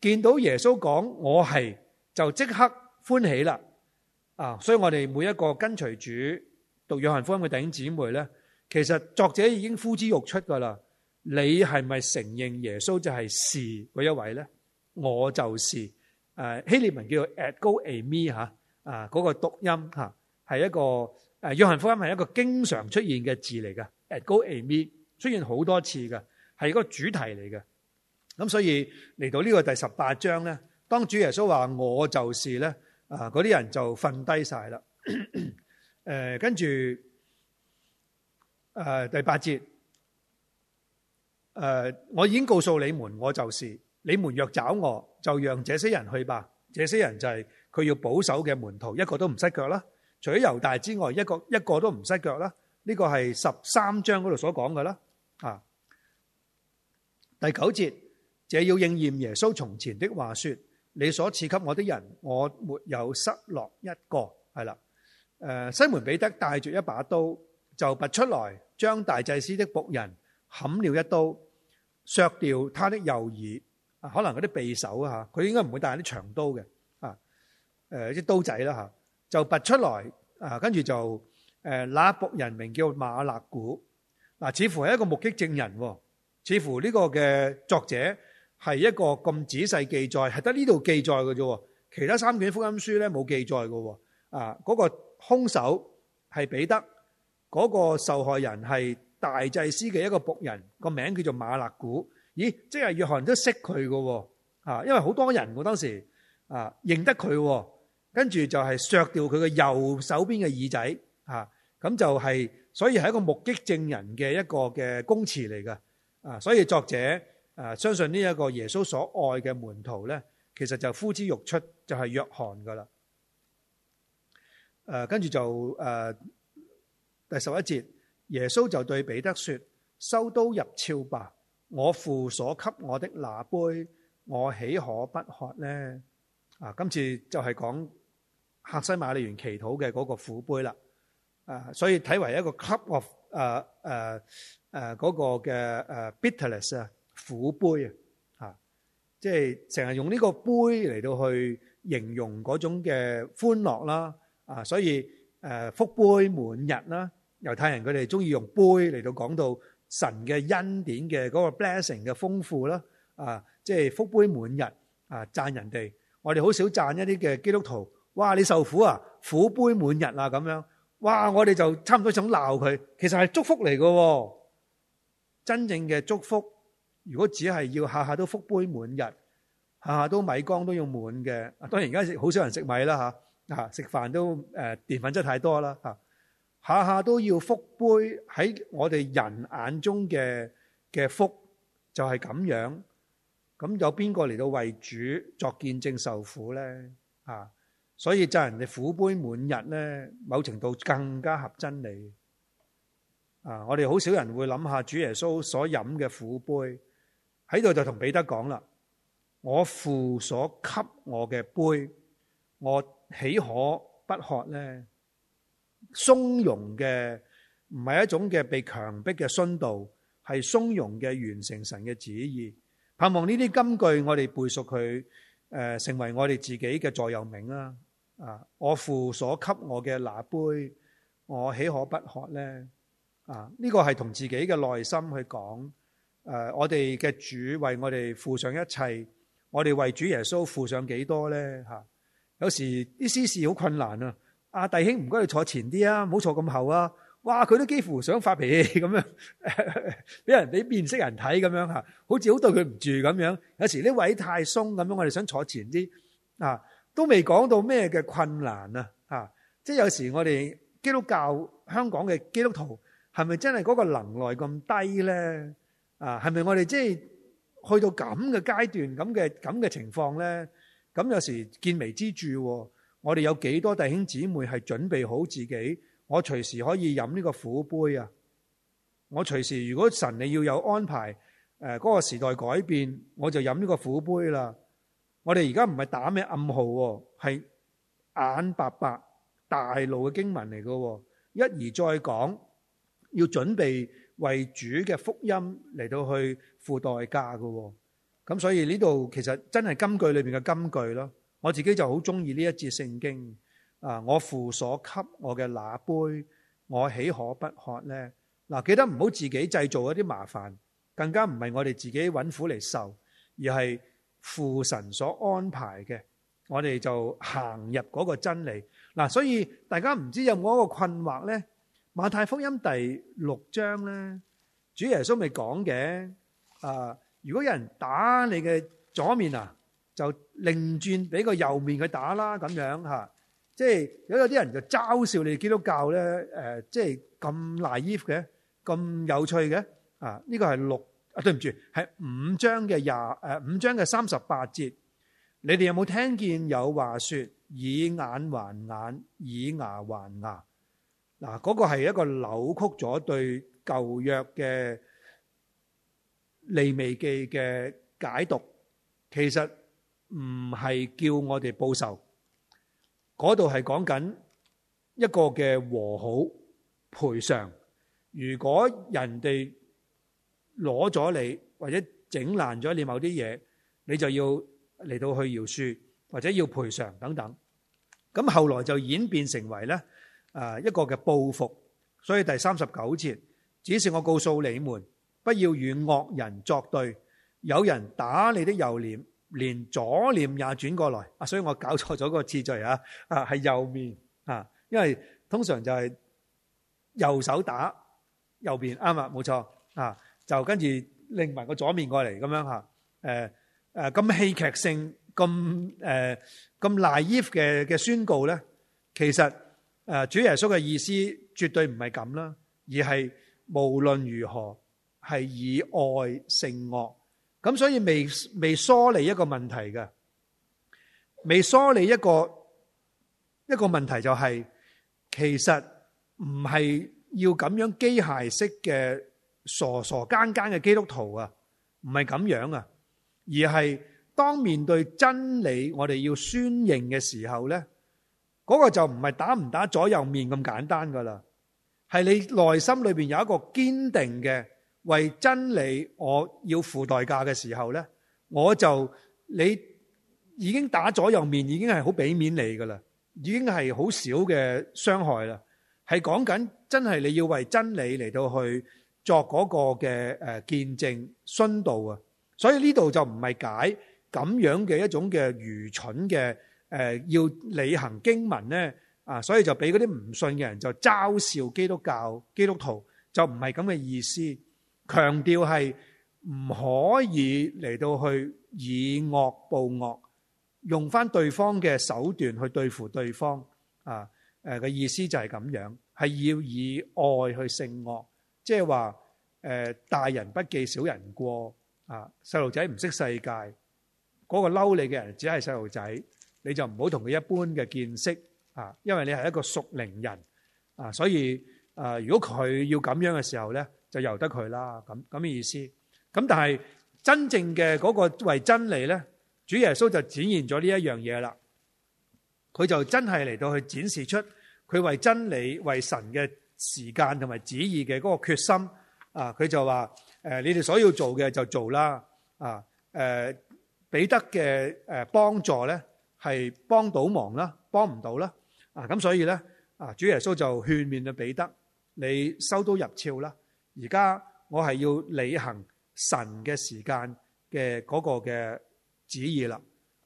見到耶穌講我係，就即刻歡喜啦。啊！所以我哋每一個跟隨主讀約翰福音嘅弟兄姊妹咧，其實作者已經呼之欲出㗎喇。你係咪承認耶穌就係是嗰一位咧？我就是。誒希臘文叫做 atgoami、e、嚇，啊嗰個讀音吓，係一個誒，約翰福音係一個經常出現嘅字嚟嘅 et atgoami、e、出現好多次嘅，係一個主題嚟嘅。咁所以嚟到呢個第十八章咧，當主耶穌話我就是咧，啊嗰啲人就瞓低晒啦。跟住誒第八節，誒、呃、我已經告訴你們，我就是。你們若找我，就讓這些人去吧。這些人就係佢要保守嘅門徒，一個都唔失腳啦。除咗猶大之外，一個一個都唔失腳啦。呢個係十三章嗰度所講嘅啦。啊，第九節這要應驗耶穌從前的話説：你所賜給我的人，我沒有失落一個。係啦，誒西門彼得帶著一把刀，就拔出來將大祭司的僕人砍了一刀，削掉他的右耳。啊，可能嗰啲匕首啊，佢應該唔會帶啲長刀嘅，啊，誒啲刀仔啦嚇，就拔出來，啊，跟住就誒揦僕人名叫馬勒古，嗱，似乎係一個目擊證人喎，似乎呢個嘅作者係一個咁仔細記載，係得呢度記載嘅啫，其他三卷福音書咧冇記載嘅喎，啊，嗰個兇手係彼得，嗰個受害人係大祭司嘅一個僕人，個名叫做馬勒古。咦，即係約翰都識佢嘅，吓，因為好多人當時啊認得佢，跟住就係削掉佢嘅右手邊嘅耳仔，吓，咁就係，所以係一個目擊證人嘅一個嘅供詞嚟嘅，啊，所以作者誒相信呢一個耶穌所愛嘅門徒咧，其實就呼之欲出，就係約翰噶啦，誒，跟住就誒第十一節，耶穌就對彼得說：收刀入鞘吧。我父所給我的那杯，我豈可不喝呢？啊，今次就係講客西馬尼園祈禱嘅嗰個苦杯啦。啊，所以睇為一個 cup of 誒誒誒嗰個嘅誒 bitterness 啊苦杯啊，即係成日用呢個杯嚟到去形容嗰種嘅歡樂啦。啊，所以誒福杯滿溢啦，猶太人佢哋中意用杯嚟到講到。神嘅恩典嘅嗰個 blessing 嘅豐富啦，啊，即係福杯滿日啊，讚人哋。我哋好少讚一啲嘅基督徒，哇！你受苦啊，苦杯滿日啊咁樣，哇！我哋就差唔多想鬧佢。其實係祝福嚟嘅喎，真正嘅祝福。如果只係要下下都福杯滿日，下下都米缸都要滿嘅。當然而家好少人食米啦嚇，食飯都誒澱粉質太多啦嚇。下下都要福杯喺我哋人眼中嘅嘅福就係咁樣，咁有邊個嚟到為主作見證受苦咧？啊，所以就係人哋苦杯滿日咧，某程度更加合真理。啊，我哋好少人會諗下主耶穌所飲嘅苦杯，喺度就同彼得講啦：，我父所給我嘅杯，我豈可不喝咧？松容嘅唔係一種嘅被強迫嘅殉道，係松容嘅完成神嘅旨意。盼望呢啲金句我哋背熟佢，誒、呃，成為我哋自己嘅座右銘啦。啊，我父所給我嘅那杯，我豈可不喝咧？啊，呢、這個係同自己嘅內心去講。誒、啊，我哋嘅主為我哋付上一切，我哋為主耶穌付上幾多咧？吓、啊，有時啲私事好困難啊。阿、啊、弟兄唔該，你坐前啲啊，唔好坐咁後啊！哇，佢都幾乎想發脾氣咁樣，俾人哋面色人睇咁樣吓，好似好對佢唔住咁樣。有時呢位太鬆咁樣，我哋想坐前啲啊，都未講到咩嘅困難啊！啊，即係有時我哋基督教香港嘅基督徒係咪真係嗰個能耐咁低咧？啊，係咪我哋即係去到咁嘅階段咁嘅咁嘅情況咧？咁有時見微知著、啊。我哋有幾多弟兄姊妹係準備好自己，我隨時可以飲呢個苦杯啊！我隨時如果神你要有安排，誒嗰個時代改變，我就飲呢個苦杯啦。我哋而家唔係打咩暗號，係眼白白大路嘅經文嚟噶。一而再講，要準備為主嘅福音嚟到去付代價噶。咁所以呢度其實真係金句裏邊嘅金句咯。我自己就好中意呢一節聖經啊！我父所給我嘅那杯，我豈可不喝呢？嗱，記得唔好自己製造一啲麻煩，更加唔係我哋自己揾苦嚟受，而係父神所安排嘅。我哋就行入嗰個真理。嗱，所以大家唔知有冇一個困惑咧？馬太福音第六章咧，主耶穌咪講嘅啊，如果有人打你嘅左面啊？就另轉俾個右面佢打啦，咁樣嚇，即係如果有啲人就嘲笑你基督教咧，誒、呃，即係咁 naive 嘅，咁有趣嘅啊？呢、這個係六啊，對唔住，係五章嘅廿誒五章嘅三十八節，你哋有冇聽見有話説以眼還眼，以牙還牙？嗱、啊，嗰、這個係一個扭曲咗對舊約嘅利未記嘅解讀，其實。唔係叫我哋報仇，嗰度係講緊一個嘅和好賠償。如果人哋攞咗你，或者整爛咗你某啲嘢，你就要嚟到去饒恕或者要賠償等等。咁後來就演變成為呢誒一個嘅報復。所以第三十九節，只是我告訴你們，不要與惡人作對。有人打你的右臉，連左臉也轉過來，啊！所以我搞錯咗個次序啊，啊係右面啊，因為通常就係右手打右邊，啱啊，冇錯啊，就跟住擰埋個左面過嚟咁樣吓，誒誒咁戲劇性咁誒咁、呃、naive 嘅嘅宣告咧，其實誒主耶穌嘅意思絕對唔係咁啦，而係無論如何係以愛勝惡。咁所以未未梳理一個問題嘅，未梳理一個一個問題就係，其實唔係要咁樣機械式嘅傻傻更更嘅基督徒啊，唔係咁樣啊，而係當面對真理我哋要宣認嘅時候咧，嗰個就唔係打唔打左右面咁簡單噶啦，係你內心裏邊有一個堅定嘅。為真理，我要付代價嘅時候咧，我就你已經打左右面，已經係好俾面你噶啦，已經係好少嘅傷害啦。係講緊真係你要為真理嚟到去作嗰個嘅誒見證殉道啊。所以呢度就唔係解咁樣嘅一種嘅愚蠢嘅誒要履行經文咧啊。所以就俾嗰啲唔信嘅人就嘲笑基督教基督徒，就唔係咁嘅意思。強調係唔可以嚟到去以惡報惡，用翻，對方嘅手段去對付對方啊！誒、呃、嘅意思就係咁樣，係要以愛去勝惡，即係話誒大人不記小人過啊！細路仔唔識世界，嗰、那個嬲你嘅人只係細路仔，你就唔好同佢一般嘅見識啊！因為你係一個熟齡人啊，所以啊，如果佢要咁樣嘅時候咧，就由得佢啦，咁咁嘅意思。咁但係真正嘅嗰個為真理咧，主耶穌就展現咗呢一樣嘢啦。佢就真係嚟到去展示出佢為真理、為神嘅時間同埋旨意嘅嗰個決心啊！佢就話：誒，你哋所要做嘅就做啦啊！誒彼得嘅誒幫助咧係幫到忙啦，幫唔到啦啊！咁所以咧啊，主耶穌就勸勉咗彼得：你收刀入鞘啦！而家我係要履行神嘅時間嘅嗰個嘅旨意啦，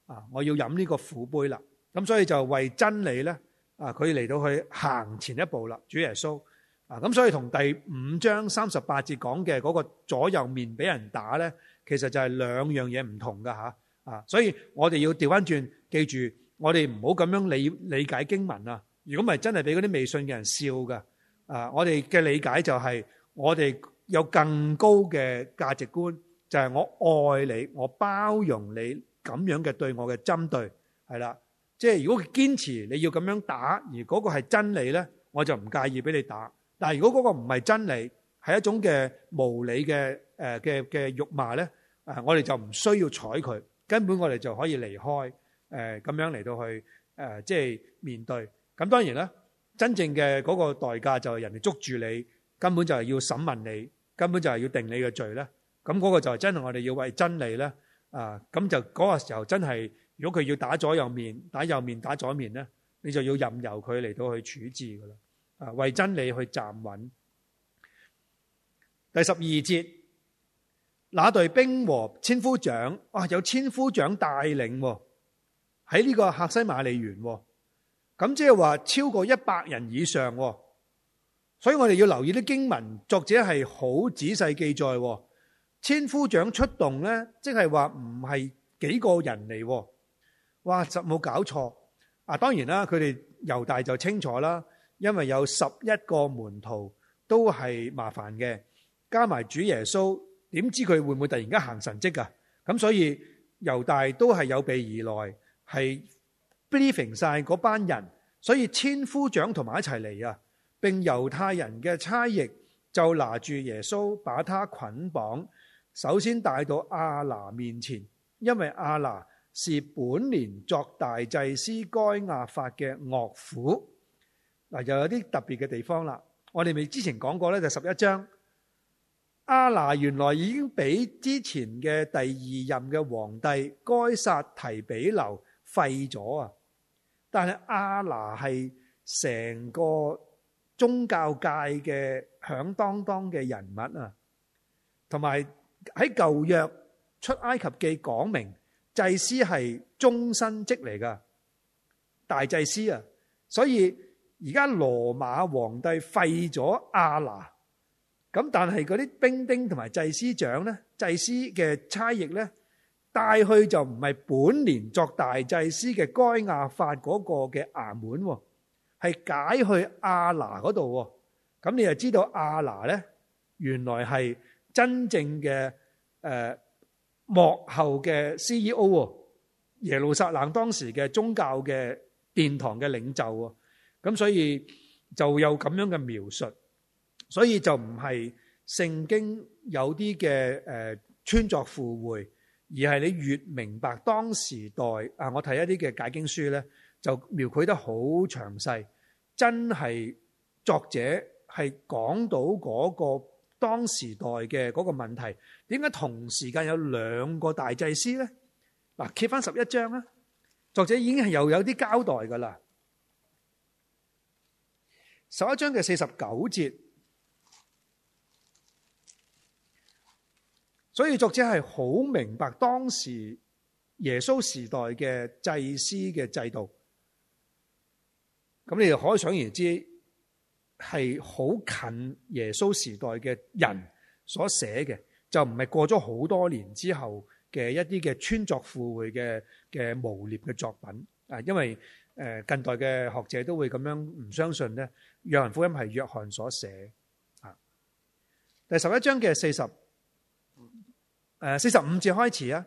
啊，我要飲呢個苦杯啦。咁所以就為真理咧，啊，佢嚟到去行前一步啦，主耶穌，啊，咁所以同第五章三十八節講嘅嗰個左右面俾人打咧，其實就係兩樣嘢唔同㗎吓，啊，所以我哋要掉返轉，記住我哋唔好咁樣理理解經文啊。如果唔係真係俾嗰啲未信嘅人笑㗎，啊，我哋嘅理解就係、是。我哋有更高嘅價值觀，就係我愛你，我包容你咁樣嘅對我嘅針對，係啦。即係如果堅持你要咁樣打，而嗰個係真理咧，我就唔介意俾你打。但係如果嗰個唔係真理，係一種嘅無理嘅誒嘅嘅辱罵咧，誒我哋就唔需要睬佢，根本我哋就可以離開誒咁樣嚟到去誒即係面對。咁當然啦，真正嘅嗰個代價就係人哋捉住你。根本就係要審問你，根本就係要定你嘅罪咧。咁、那、嗰個就係真係我哋要為真理咧啊！咁就嗰個時候真係，如果佢要打左右面，打右面打左面咧，你就要任由佢嚟到去處置㗎喇啊！為真理去站穩。第十二節，那隊兵和千夫長啊，有千夫長帶領喎，喺呢個客西馬尼園喎。咁、啊、即係話超過一百人以上喎。所以我哋要留意啲經文作者係好仔細記載，千夫長出動呢，即係話唔係幾個人嚟，哇實冇搞錯啊！當然啦，佢哋猶大就清楚啦，因為有十一個門徒都係麻煩嘅，加埋主耶穌，點知佢會唔會突然間行神蹟啊？咁所以猶大都係有備而來，係 briefing 晒嗰班人，所以千夫長同埋一齊嚟啊！並猶太人嘅差役就拿住耶穌，把他捆綁，首先帶到亞那面前，因為亞那是本年作大祭司該亞法嘅岳父。嗱，又有啲特別嘅地方啦。我哋咪之前講過咧，就十一章，亞那原來已經俾之前嘅第二任嘅皇帝該撒提比留廢咗啊，但係亞那係成個。宗教界嘅響噹噹嘅人物啊，同埋喺舊約出埃及記講明祭司係終身職嚟噶大祭司啊，所以而家羅馬皇帝廢咗亞那，咁但係嗰啲兵丁同埋祭司長咧，祭司嘅差役咧帶去就唔係本年作大祭司嘅該亞法嗰個嘅衙門。係解去亞拿嗰度喎，咁你就知道亞拿咧，原來係真正嘅誒、呃、幕後嘅 CEO 喎，耶路撒冷當時嘅宗教嘅殿堂嘅領袖喎，咁所以就有咁樣嘅描述，所以就唔係聖經有啲嘅誒穿鑿附會，而係你越明白當時代啊，我睇一啲嘅解經書咧。就描繪得好詳細，真係作者係講到嗰個當時代嘅嗰個問題。點解同時間有兩個大祭司呢？嗱，揭翻十一章啦，作者已經係又有啲交代㗎喇。十一章嘅四十九節，所以作者係好明白當時耶穌時代嘅祭司嘅制度。咁你又可想而知，係好近耶穌時代嘅人所寫嘅，就唔係過咗好多年之後嘅一啲嘅穿鑿附會嘅嘅誣衊嘅作品啊！因為誒近代嘅學者都會咁樣唔相信咧，約翰福音係約翰所寫啊。第十一章嘅四十誒、呃、四十五節開始啊，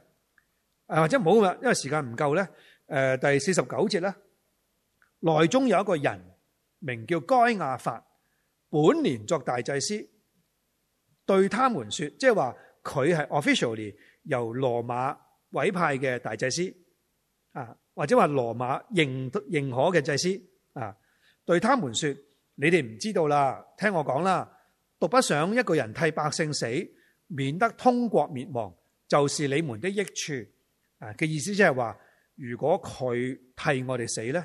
誒或者唔好啦，因為時間唔夠咧。誒第四十九節呢。內中有一個人名叫該亞法，本年作大祭司，對他們說：，即係話佢係 officially 由羅馬委派嘅大祭司啊，或者話羅馬認認可嘅祭司啊。對他們說：，你哋唔知道啦，聽我講啦，獨不想一個人替百姓死，免得通國滅亡，就是你們的益處啊嘅意思就是說，即係話如果佢替我哋死咧。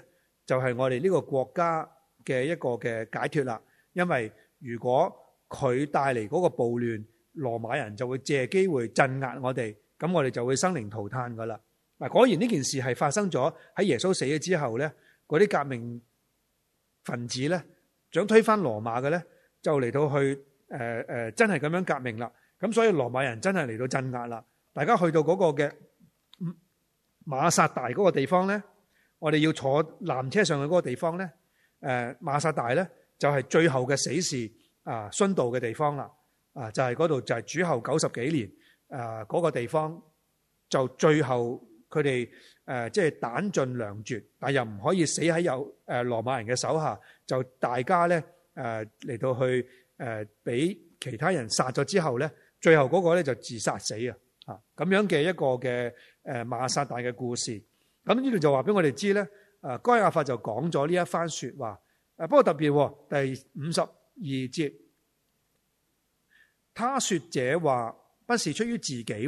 就係我哋呢個國家嘅一個嘅解脫啦。因為如果佢帶嚟嗰個暴亂，羅馬人就會借機會鎮壓我哋，咁我哋就會生靈塗炭噶啦。嗱，果然呢件事係發生咗喺耶穌死咗之後咧，嗰啲革命分子咧想推翻羅馬嘅咧，就嚟到去誒誒真係咁樣革命啦。咁所以羅馬人真係嚟到鎮壓啦。大家去到嗰個嘅馬薩大嗰個地方咧。我哋要坐纜車上去嗰個地方咧，誒馬薩大咧就係最後嘅死士啊，殉道嘅地方啦，啊就係嗰度就係主後九十幾年啊，嗰個地方就最後佢哋誒即係彈盡糧絕，但係又唔可以死喺有誒羅馬人嘅手下，就大家咧誒嚟到去誒俾其他人殺咗之後咧，最後嗰個咧就自殺死啊嚇咁樣嘅一個嘅誒馬薩大嘅故事。咁呢度就話俾我哋知咧，啊該亞法就講咗呢一番說話，誒不過特別，第五十二節，他說者話不是出於自己，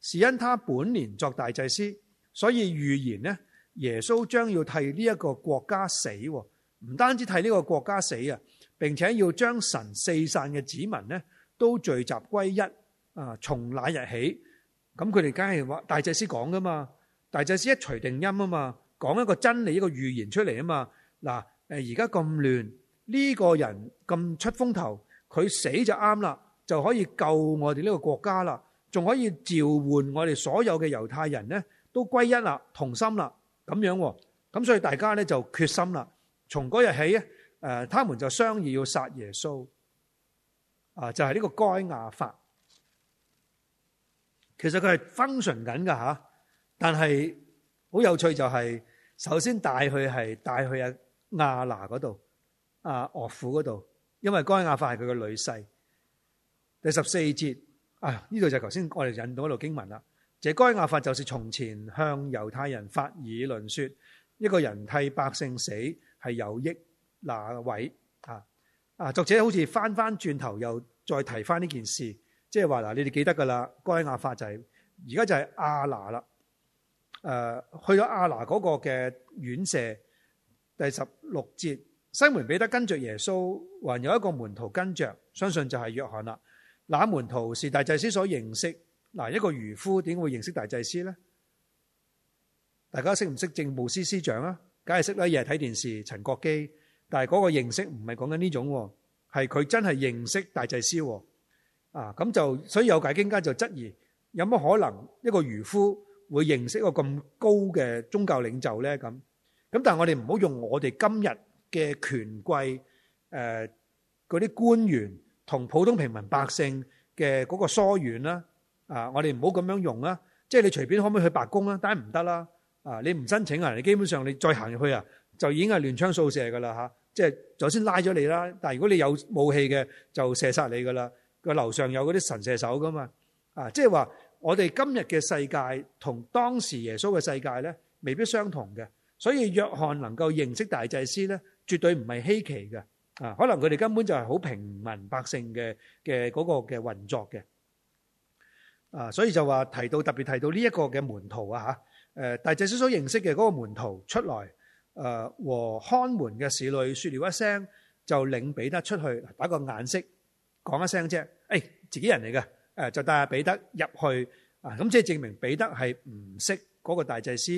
是因他本年作大祭司，所以預言呢，耶穌將要替呢一個國家死，唔單止替呢個國家死啊，並且要將神四散嘅子民呢都聚集歸一，啊從那日起，咁佢哋梗係話大祭司講噶嘛。大祭司一錘定音啊嘛，講一個真理一個預言出嚟啊嘛，嗱，誒而家咁亂，呢、這個人咁出風頭，佢死就啱啦，就可以救我哋呢個國家啦，仲可以召喚我哋所有嘅猶太人咧，都歸一啦，同心啦，咁樣，咁所以大家咧就決心啦，從嗰日起咧，誒，他們就商議要殺耶穌，啊，就係、是、呢個該亞法，其實佢係 function 緊噶吓。但係好有趣，就係首先帶佢係帶去阿亞拿嗰度啊，岳父嗰度，因為該亞法係佢個女婿。第十四節啊，呢度就係頭先我哋引到嗰度經文啦。就該亞法就是從前向猶太人發議論說，一個人替百姓死係有益。那位啊啊，作者好似翻翻轉頭又再提翻呢件事，即係話嗱，你哋記得噶啦，該亞法就係而家就係亞拿啦。誒，去到阿拿嗰個嘅院舍，第十六節，西門彼得跟着耶穌，還有一個門徒跟着，相信就係約翰啦。那門徒是大祭司所認識，嗱，一個漁夫點會認識大祭司咧？大家識唔識政務司司長啊？梗係識啦，亦係睇電視陳國基。但係嗰個認識唔係講緊呢種，係佢真係認識大祭司。啊，咁就所以有解經家就質疑，有乜可能一個漁夫？會認識一個咁高嘅宗教領袖？咧咁，咁但係我哋唔好用我哋今日嘅權貴誒嗰啲官員同普通平民百姓嘅嗰個疏遠啦，啊我哋唔好咁樣用啦，即係你隨便可唔可以去白宮啦？但係唔得啦，啊你唔申請啊，你基本上你再行入去啊，就已經係亂槍掃射㗎啦嚇！即係首先拉咗你啦，但係如果你有武器嘅，就射殺你㗎啦。個樓上有嗰啲神射手㗎嘛，啊即係話。我哋今日嘅世界同當時耶穌嘅世界咧，未必相同嘅，所以約翰能夠認識大祭司咧，絕對唔係稀奇嘅啊！可能佢哋根本就係好平民百姓嘅嘅嗰個嘅運作嘅啊！所以就話提到特別提到呢一個嘅門徒啊吓，誒大祭司所認識嘅嗰個門徒出來，誒和看門嘅使女說了一聲，就領彼得出去打個眼色，講一聲啫，誒自己人嚟嘅。誒就帶阿彼得入去啊！咁即係證明彼得係唔識嗰個大祭司。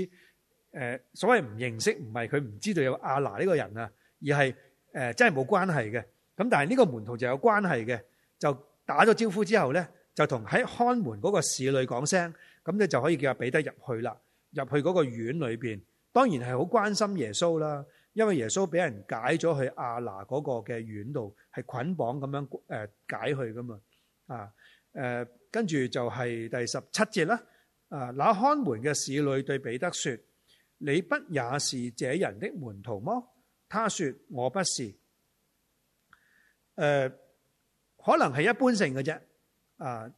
誒所謂唔認識唔係佢唔知道有亞拿呢個人啊，而係誒真係冇關係嘅。咁但係呢個門徒就有關係嘅，就打咗招呼之後咧，就同喺看門嗰個侍女講聲，咁你就可以叫阿彼得入去啦。入去嗰個院裏邊，當然係好關心耶穌啦，因為耶穌俾人解咗去亞拿嗰個嘅院度，係捆綁咁樣誒解佢噶嘛啊！誒，跟住，呃、就係第十七節啦。啊，那看門嘅使女對彼得說：你不也是這人的門徒麼？他說、啊：我不是。誒，可能係一般性嘅啫。啊，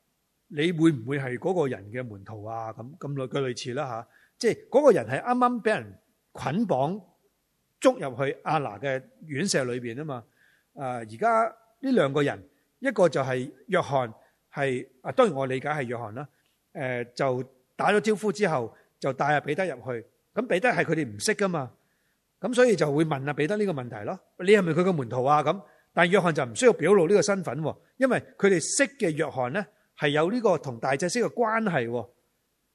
你會唔會係嗰個人嘅門徒啊？咁咁類嘅類似啦，吓，啊，即係嗰個人係啱啱俾人捆綁捉入去阿拿嘅院舍裏邊啊嘛。啊，而家呢兩個人，一個就係約翰。係啊，當然我理解係約翰啦。誒，就打咗招呼之後，就帶阿彼得入去。咁彼得係佢哋唔識噶嘛，咁所以就會問阿彼得呢個問題咯：你係咪佢個門徒啊？咁但約翰就唔需要表露呢個身份，因為佢哋識嘅約翰咧係有呢個同大祭司嘅關係。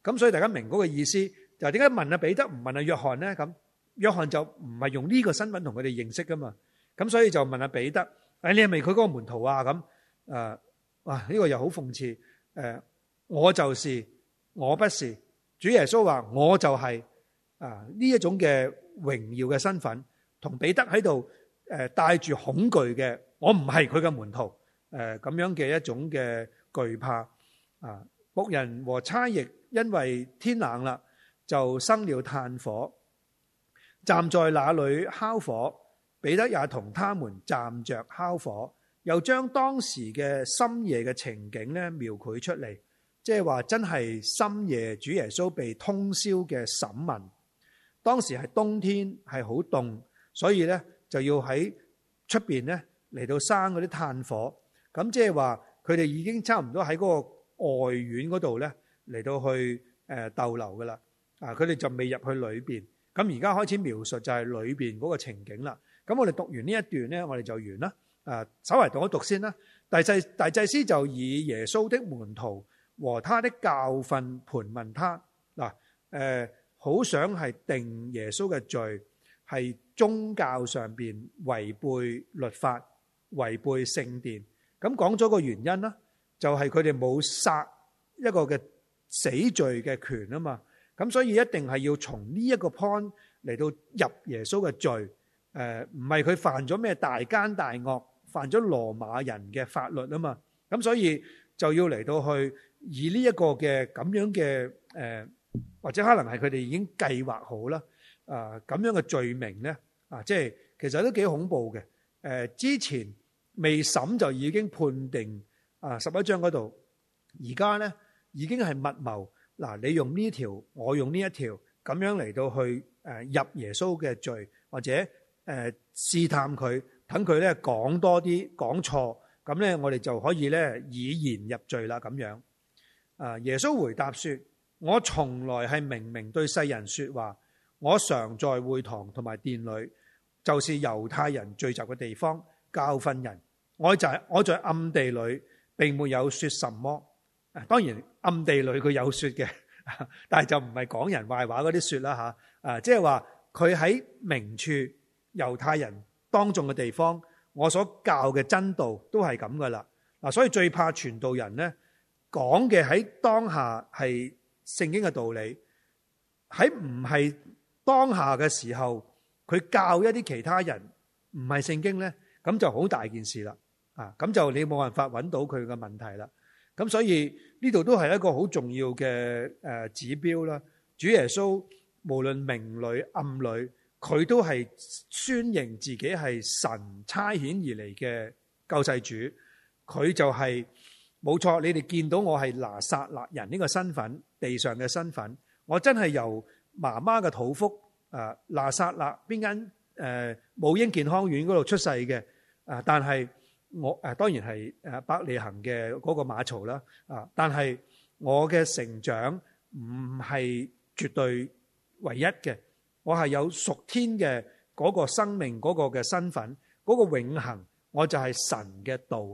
咁所以大家明嗰個意思就點解問阿彼得唔問阿約翰咧？咁約翰就唔係用呢個身份同佢哋認識噶嘛。咁所以就問阿彼得：誒，你係咪佢個門徒啊？咁誒。哇！呢、這個又好諷刺。誒、呃，我就是我不是主耶穌話我就係啊，呢一種嘅榮耀嘅身份，同彼得喺度誒帶住恐懼嘅，我唔係佢嘅門徒誒咁、呃、樣嘅一種嘅懼怕啊。僕、呃、人和差役因為天冷啦，就生了炭火，站在那裏烤火。彼得也同他們站着烤火。又將當時嘅深夜嘅情景咧描繪出嚟，即係話真係深夜主耶穌被通宵嘅審問。當時係冬天，係好凍，所以咧就要喺出邊咧嚟到生嗰啲炭火。咁即係話佢哋已經差唔多喺嗰個外院嗰度咧嚟到去誒逗留㗎喇。啊，佢哋就未入去裏邊。咁而家開始描述就係裏邊嗰個情景啦。咁我哋讀完呢一段咧，我哋就完啦。誒，稍為讀一讀先啦。大祭大祭司就以耶穌的門徒和他的教訓盤問他嗱。誒，好想係定耶穌嘅罪，係宗教上邊違背律法、違背聖殿。咁講咗個原因啦，就係佢哋冇殺一個嘅死罪嘅權啊嘛。咁所以一定係要從呢一個 point 嚟到入耶穌嘅罪，誒唔係佢犯咗咩大奸大惡。犯咗羅馬人嘅法律啊嘛，咁所以就要嚟到去以呢一個嘅咁樣嘅誒，或者可能係佢哋已經計劃好啦啊，咁樣嘅罪名咧啊，即係其實都幾恐怖嘅誒。之前未審就已經判定啊。十一章嗰度，而家咧已經係密謀嗱，你用呢條，我用呢一條咁樣嚟到去誒入耶穌嘅罪，或者誒試探佢。等佢咧講多啲講錯，咁咧我哋就可以咧以言入罪啦咁樣。啊，耶穌回答說，我從來係明明對世人說話，我常在會堂同埋殿裏，就是猶太人聚集嘅地方教訓人。我就係我在暗地裏並沒有說什麼。當然暗地裏佢有說嘅，但係就唔係講人壞話嗰啲說啦嚇。啊，即係話佢喺明處猶太人。當眾嘅地方，我所教嘅真道都係咁噶啦。嗱，所以最怕傳道人咧講嘅喺當下係聖經嘅道理，喺唔係當下嘅時候，佢教一啲其他人唔係聖經咧，咁就好大件事啦。啊，咁就你冇辦法揾到佢嘅問題啦。咁所以呢度都係一個好重要嘅誒指標啦。主耶穌無論明裏暗裏。佢都係宣認自己係神差遣而嚟嘅救世主，佢就係冇錯，你哋見到我係拿撒勒人呢個身份，地上嘅身份，我真係由媽媽嘅土福啊拿撒勒邊間誒母嬰健康院嗰度出世嘅啊，但係我誒當然係誒伯利恆嘅嗰個馬槽啦啊，但係我嘅成長唔係絕對唯一嘅。我係有屬天嘅嗰個生命，嗰個嘅身份，嗰個永恆，我就係神嘅道。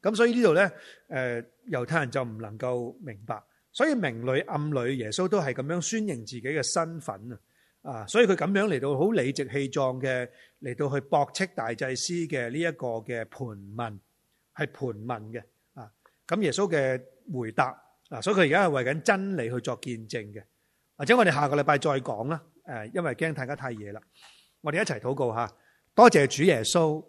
咁所以呢度咧，誒猶太人就唔能夠明白。所以明裏暗裏，耶穌都係咁樣宣認自己嘅身份啊！啊，所以佢咁樣嚟到好理直氣壯嘅嚟到去駁斥大祭司嘅呢一個嘅盤問，係盤問嘅啊！咁耶穌嘅回答啊，所以佢而家係為緊真理去作見證嘅，或者我哋下個禮拜再講啦。誒，因為驚大家太夜啦，我哋一齊禱告吓。多謝主耶穌，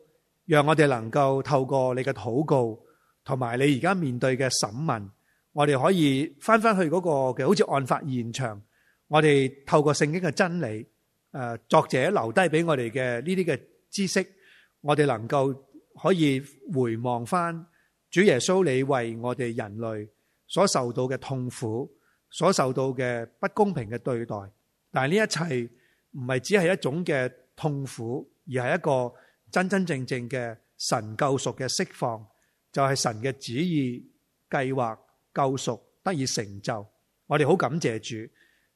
讓我哋能夠透過你嘅禱告，同埋你而家面對嘅審問，我哋可以翻翻去嗰個嘅好似案發現場。我哋透過聖經嘅真理，誒作者留低俾我哋嘅呢啲嘅知識，我哋能夠可以回望翻主耶穌，你為我哋人類所受到嘅痛苦，所受到嘅不公平嘅對待。但係呢一切唔係只係一種嘅痛苦，而係一個真真正正嘅神救贖嘅釋放，就係神嘅旨意計劃救贖得以成就。我哋好感謝主，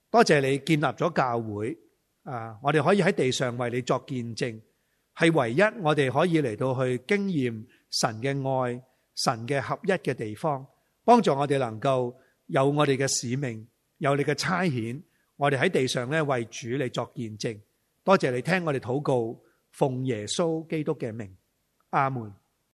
多謝你建立咗教會啊！我哋可以喺地上為你作見證，係唯一我哋可以嚟到去經驗神嘅愛、神嘅合一嘅地方，幫助我哋能夠有我哋嘅使命，有你嘅差遣。我哋喺地上咧，為主嚟作見證，多謝你聽我哋禱告，奉耶穌基督嘅名，阿門。